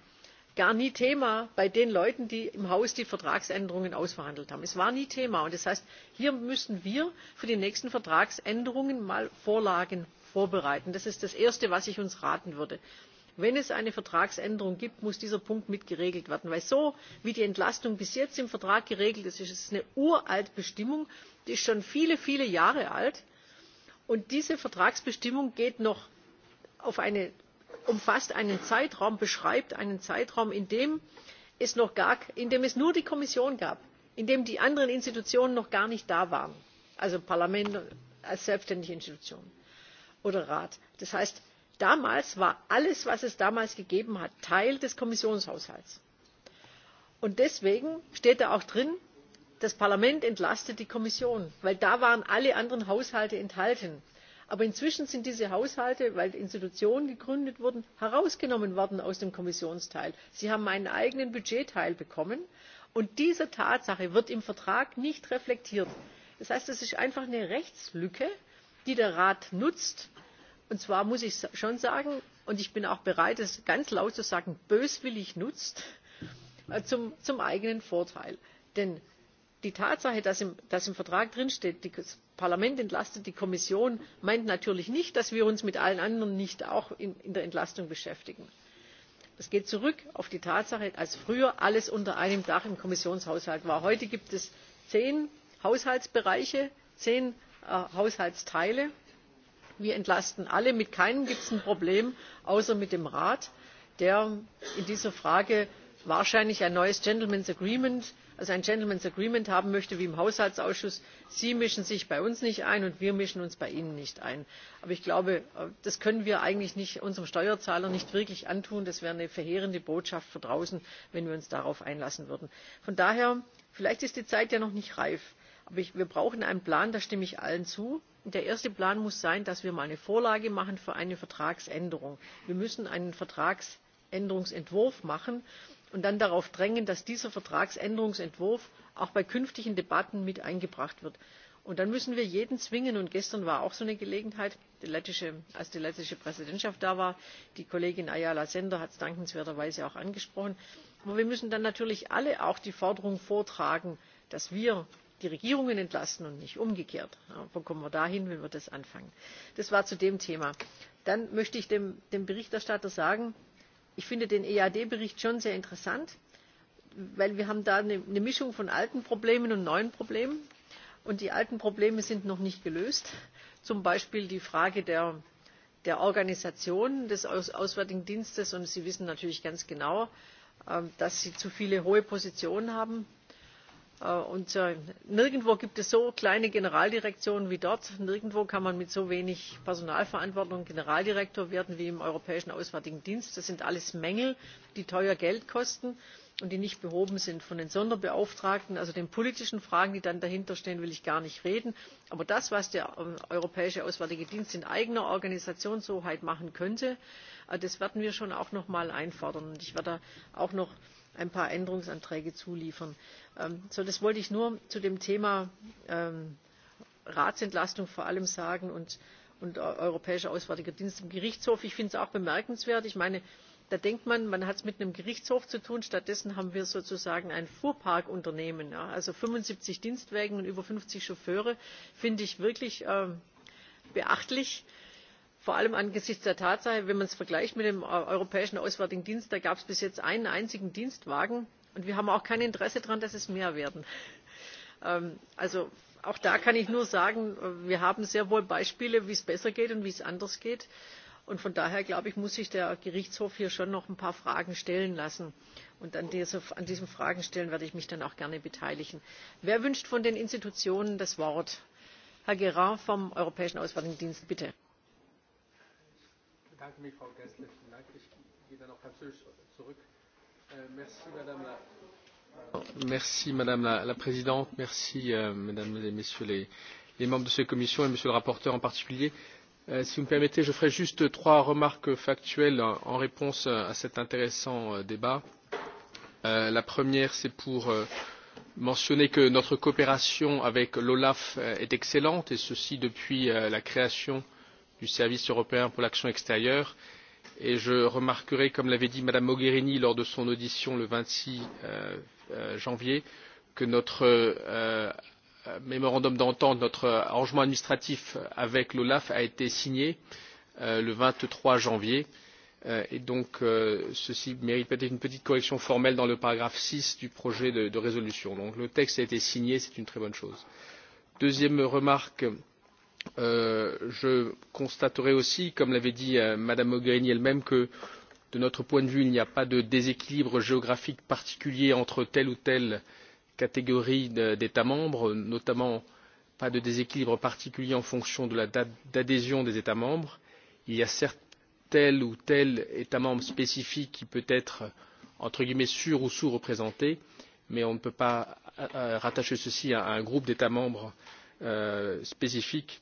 gar nie thema bei den leuten die im haus die vertragsänderungen ausverhandelt haben. es war nie thema und das heißt hier müssen wir für die nächsten vertragsänderungen mal vorlagen vorbereiten. das ist das erste was ich uns raten würde wenn es eine vertragsänderung gibt muss dieser punkt mit geregelt werden denn so wie die entlastung bis jetzt im vertrag geregelt ist ist es eine uralte bestimmung die ist schon viele viele jahre alt und diese vertragsbestimmung geht noch auf eine umfasst einen zeitraum beschreibt einen zeitraum in dem es, nur die kommission gab in dem die anderen institutionen noch gar nicht da waren also parlament als selbständige institution oder rat. das heißt damals war alles was es damals gegeben hat teil des kommissionshaushalts. und deswegen steht da auch drin das parlament entlastet die kommission weil da waren alle anderen haushalte enthalten aber inzwischen sind diese haushalte weil institutionen gegründet wurden herausgenommen worden aus dem kommissionsteil. sie haben einen eigenen budgetteil bekommen und diese tatsache wird im vertrag nicht reflektiert. das heißt es ist einfach eine rechtslücke die der rat nutzt und zwar muss ich schon sagen und ich bin auch bereit es ganz laut zu sagen böswillig nutzt äh, zum, eigenen vorteil. denn die tatsache dass im, dass im vertrag drinsteht parlament entlastet die kommission meint natürlich nicht dass wir uns mit allen anderen nicht auch in, der entlastung beschäftigen. das geht zurück auf die tatsache dass früher alles unter einem dach im kommissionshaushalt war. heute gibt es zehn haushaltsbereiche zehn äh, haushaltsteile. wir entlasten alle mit keinem gibt es ein problem außer mit dem rat der in dieser frage wahrscheinlich ein neues gentlemen's agreement also ein gentlemen's agreement haben möchte wie im haushaltsausschuss sie mischen sich bei uns nicht ein und wir mischen uns bei ihnen nicht ein. aber ich glaube äh, das können wir eigentlich unserem steuerzahler nicht wirklich antun. das wäre eine verheerende botschaft nach draußen wenn wir uns darauf einlassen würden. von daher vielleicht ist die zeit ja noch nicht reif aber wir brauchen einen plan da stimme ich allen zu. der erste plan muss sein dass wir mal eine vorlage machen für eine vertragsänderung. wir müssen einen vertragsänderungsentwurf machen und dann darauf drängen dass dieser vertragsänderungsentwurf auch bei künftigen debatten mit eingebracht wird. und dann müssen wir jeden zwingen und gestern war auch so eine gelegenheit als die lettische präsidentschaft da war die kollegin ayala sender hat es dankenswerterweise auch angesprochen aber wir müssen dann natürlich alle auch die forderung vortragen dass wir die regierungen entlasten und nicht umgekehrt. wo kommen wir dahin wenn wir das anfangen? das war zu dem thema. dann möchte ich dem berichterstatter sagen ich finde den ead bericht schon sehr interessant weil wir haben da eine, mischung von alten problemen und neuen problemen und die alten probleme sind noch nicht gelöst zum beispiel die frage der organisation des auswärtigen dienstes und sie wissen natürlich ganz genau ähm, dass sie zu viele hohe positionen haben Äh, und äh, nirgendwo gibt es so kleine generaldirektionen wie dort nirgendwo kann man mit so wenig personalverantwortung generaldirektor werden wie im europäischen auswärtigen dienst. das sind alles mängel die teuer geld kosten und die nicht behoben sind. von den sonderbeauftragten also den politischen fragen die dann dahinterstehen will ich gar nicht reden. aber das was der äh, europäische auswärtige dienst in eigener organisationshoheit machen könnte das werden wir schon auch noch mal einfordern. ich werde auch noch ein paar Änderungsanträge zuliefern. Ähm, das wollte ich nur zu dem Thema ähm, Ratsentlastung vor allem sagen und, Europäischer Auswärtiger Dienst im Gerichtshof. Ich finde es auch bemerkenswert. Ich meine, da denkt man, man hat es mit einem Gerichtshof zu tun. Stattdessen haben wir sozusagen ein Fuhrparkunternehmen. Also fünfundsiebzig Dienstwägen und über fünfzig Chauffeure finde ich wirklich ähm, beachtlich vor allem angesichts der tatsache wenn man es vergleicht mit dem äh, europäischen auswärtigen dienst da gab es bis jetzt einen einzigen dienstwagen und wir haben auch kein interesse daran dass es mehr werden. Ähm, also auch da kann ich nur sagen äh, wir haben sehr wohl beispiele wie es besser geht und wie es anders geht und von daher glaube ich muss sich der gerichtshof hier schon noch ein paar fragen stellen lassen und an, diesen fragen stellen werde ich mich dann auch gerne beteiligen. wer wünscht von den institutionen das wort? herr guérin vom europäischen auswärtigen dienst bitte bedanke mich, Frau Gessler. Vielen Dank. Ich gehe dann auf Französisch zurück. Äh, merci, Madame la Merci Madame la, la Présidente, merci euh, Mesdames et Messieurs les, les membres de cette commission et Monsieur le rapporteur en particulier. Euh, si vous me permettez, je ferai juste trois remarques factuelles en, en réponse à cet intéressant euh, débat. Euh, la première, c'est pour euh, mentionner que notre coopération avec l'OLAF euh, est excellente et ceci depuis euh, la création euh, du service européen pour l'action extérieure et je remarquerai comme l'avait dit mme mogherini lors de son audition le vingt six euh, euh, janvier que notre euh, mémorandum d'entente notre arrangement administratif avec l'olaf a été signé le vingt trois janvier et donc ceci mérite peut être une petite correction formelle dans le paragraphe six du projet de, résolution. le texte a été signé c'est une très bonne chose. deuxième remarque Euh, je constaterai aussi comme l'avait dit euh, mme mogherini elle même que de notre point de vue il n'y a pas de déséquilibre géographique particulier entre telle ou telle catégorie d'états membres notamment pas de déséquilibre particulier en fonction de la date d'adhésion des états membres. il y a certes tel ou tel état membre spécifique qui peut être entre guillemets sur ou sous représenté mais on ne peut pas euh, rattacher ceci à un groupe d'états membres spécifique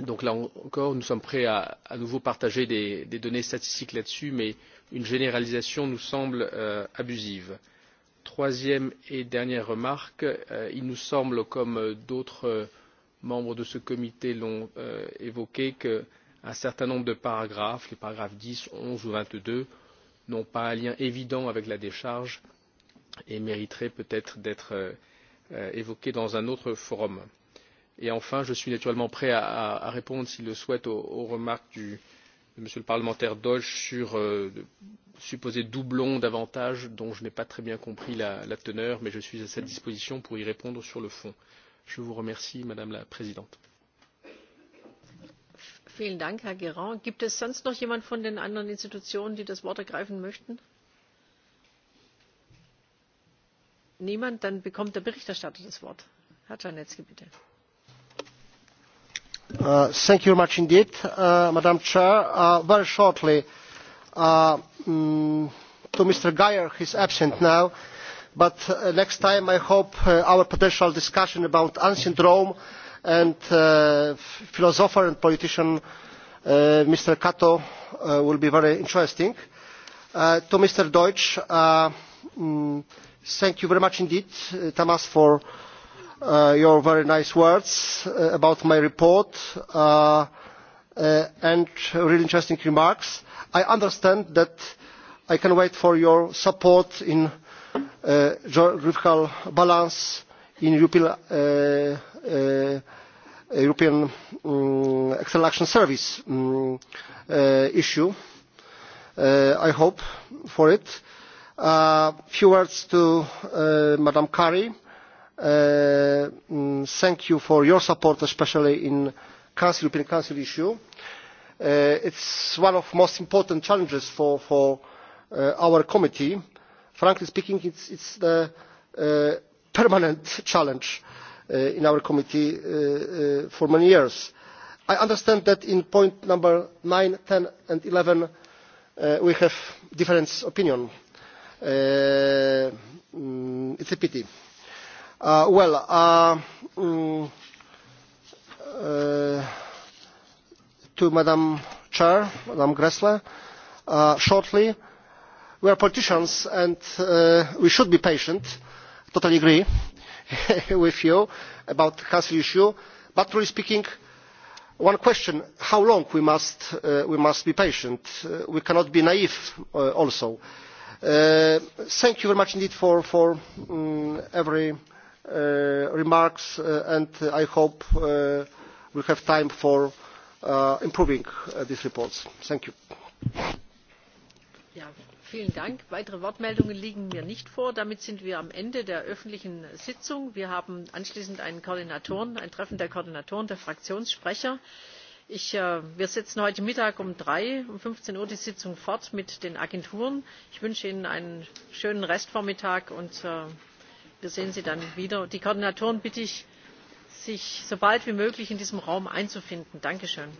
donc là encore nous sommes prêts à à nouveau partager des, des données statistiques là dessus mais une généralisation nous semble euh, abusive. troisième et dernière remarque euh, il nous semble comme euh, d'autres euh, membres de ce comité l'ont euh, évoqué qu'un certain nombre de paragraphes les paragraphes dix onze ou vingt deux n'ont pas un lien évident avec la décharge et mériteraient peut être d'être évoqués dans un autre forum et enfin je suis naturellement prêt à, répondre s'il le souhaite aux, remarques du, de m. le parlementaire deutsch sur euh, de supposés doublons d'avantages dont je n'ai pas très bien compris la, teneur mais je suis à sa disposition pour y répondre sur le fond. je vous remercie madame la présidente. Vielen Dank, Herr Guérin. Gibt es sonst noch jemand von den anderen Institutionen, die das Wort ergreifen möchten? Niemand? Dann bekommt der Berichterstatter das Wort. Herr Czarnecki, bitte. Uh, thank you very much indeed, uh, Madam Chair. Uh, very shortly, mm, to Mr. Geyer, is absent now, but next time I hope our potential discussion about ancient Rome and philosopher and politician Mr. Cato will be very interesting. to Mr. Deutsch, mm, thank you very much indeed, uh, Thomas, for Uh, your very nice words uh, about my report uh, and really interesting remarks. i understand that i can wait for your support in geographical balance in european european mm, external action service mm, issue. i hope for it. a few words to ms kari. Uh, mm, thank you for your support especially in the european council issue. Uh, it is one of the most important challenges for, uh, our committee. frankly speaking it is a permanent *laughs* challenge in our committee for many years. i understand that in point number nine ten and eleven we have different opinions. Mm, it is a pity. Uh, well, uh, mm, uh, to Madam Chair, Madam Gressler, shortly. We are politicians and we should be patient. I Totally agree *laughs* with you about the council issue. But truly speaking, one question: How long we must we be patient? we cannot be naive also. thank you very much indeed for for mm, every Uh, remarks uh, and i hope uh, we have time for improving these reports. thank you. vielen Dank. Weitere Wortmeldungen liegen mir nicht vor. Damit sind wir am Ende der öffentlichen Sitzung. Wir haben anschließend ein, ein Treffen der Koordinatoren, der Fraktionssprecher. Ich, äh, wir setzen heute Mittag um drei, um 15 Uhr die Sitzung fort mit den Agenturen. Ich wünsche Ihnen einen schönen Restvormittag und äh, wir sehen sie dann wieder. die koordinatoren bitte ich sich so bald wie möglich in diesem raum einzufinden. danke schön!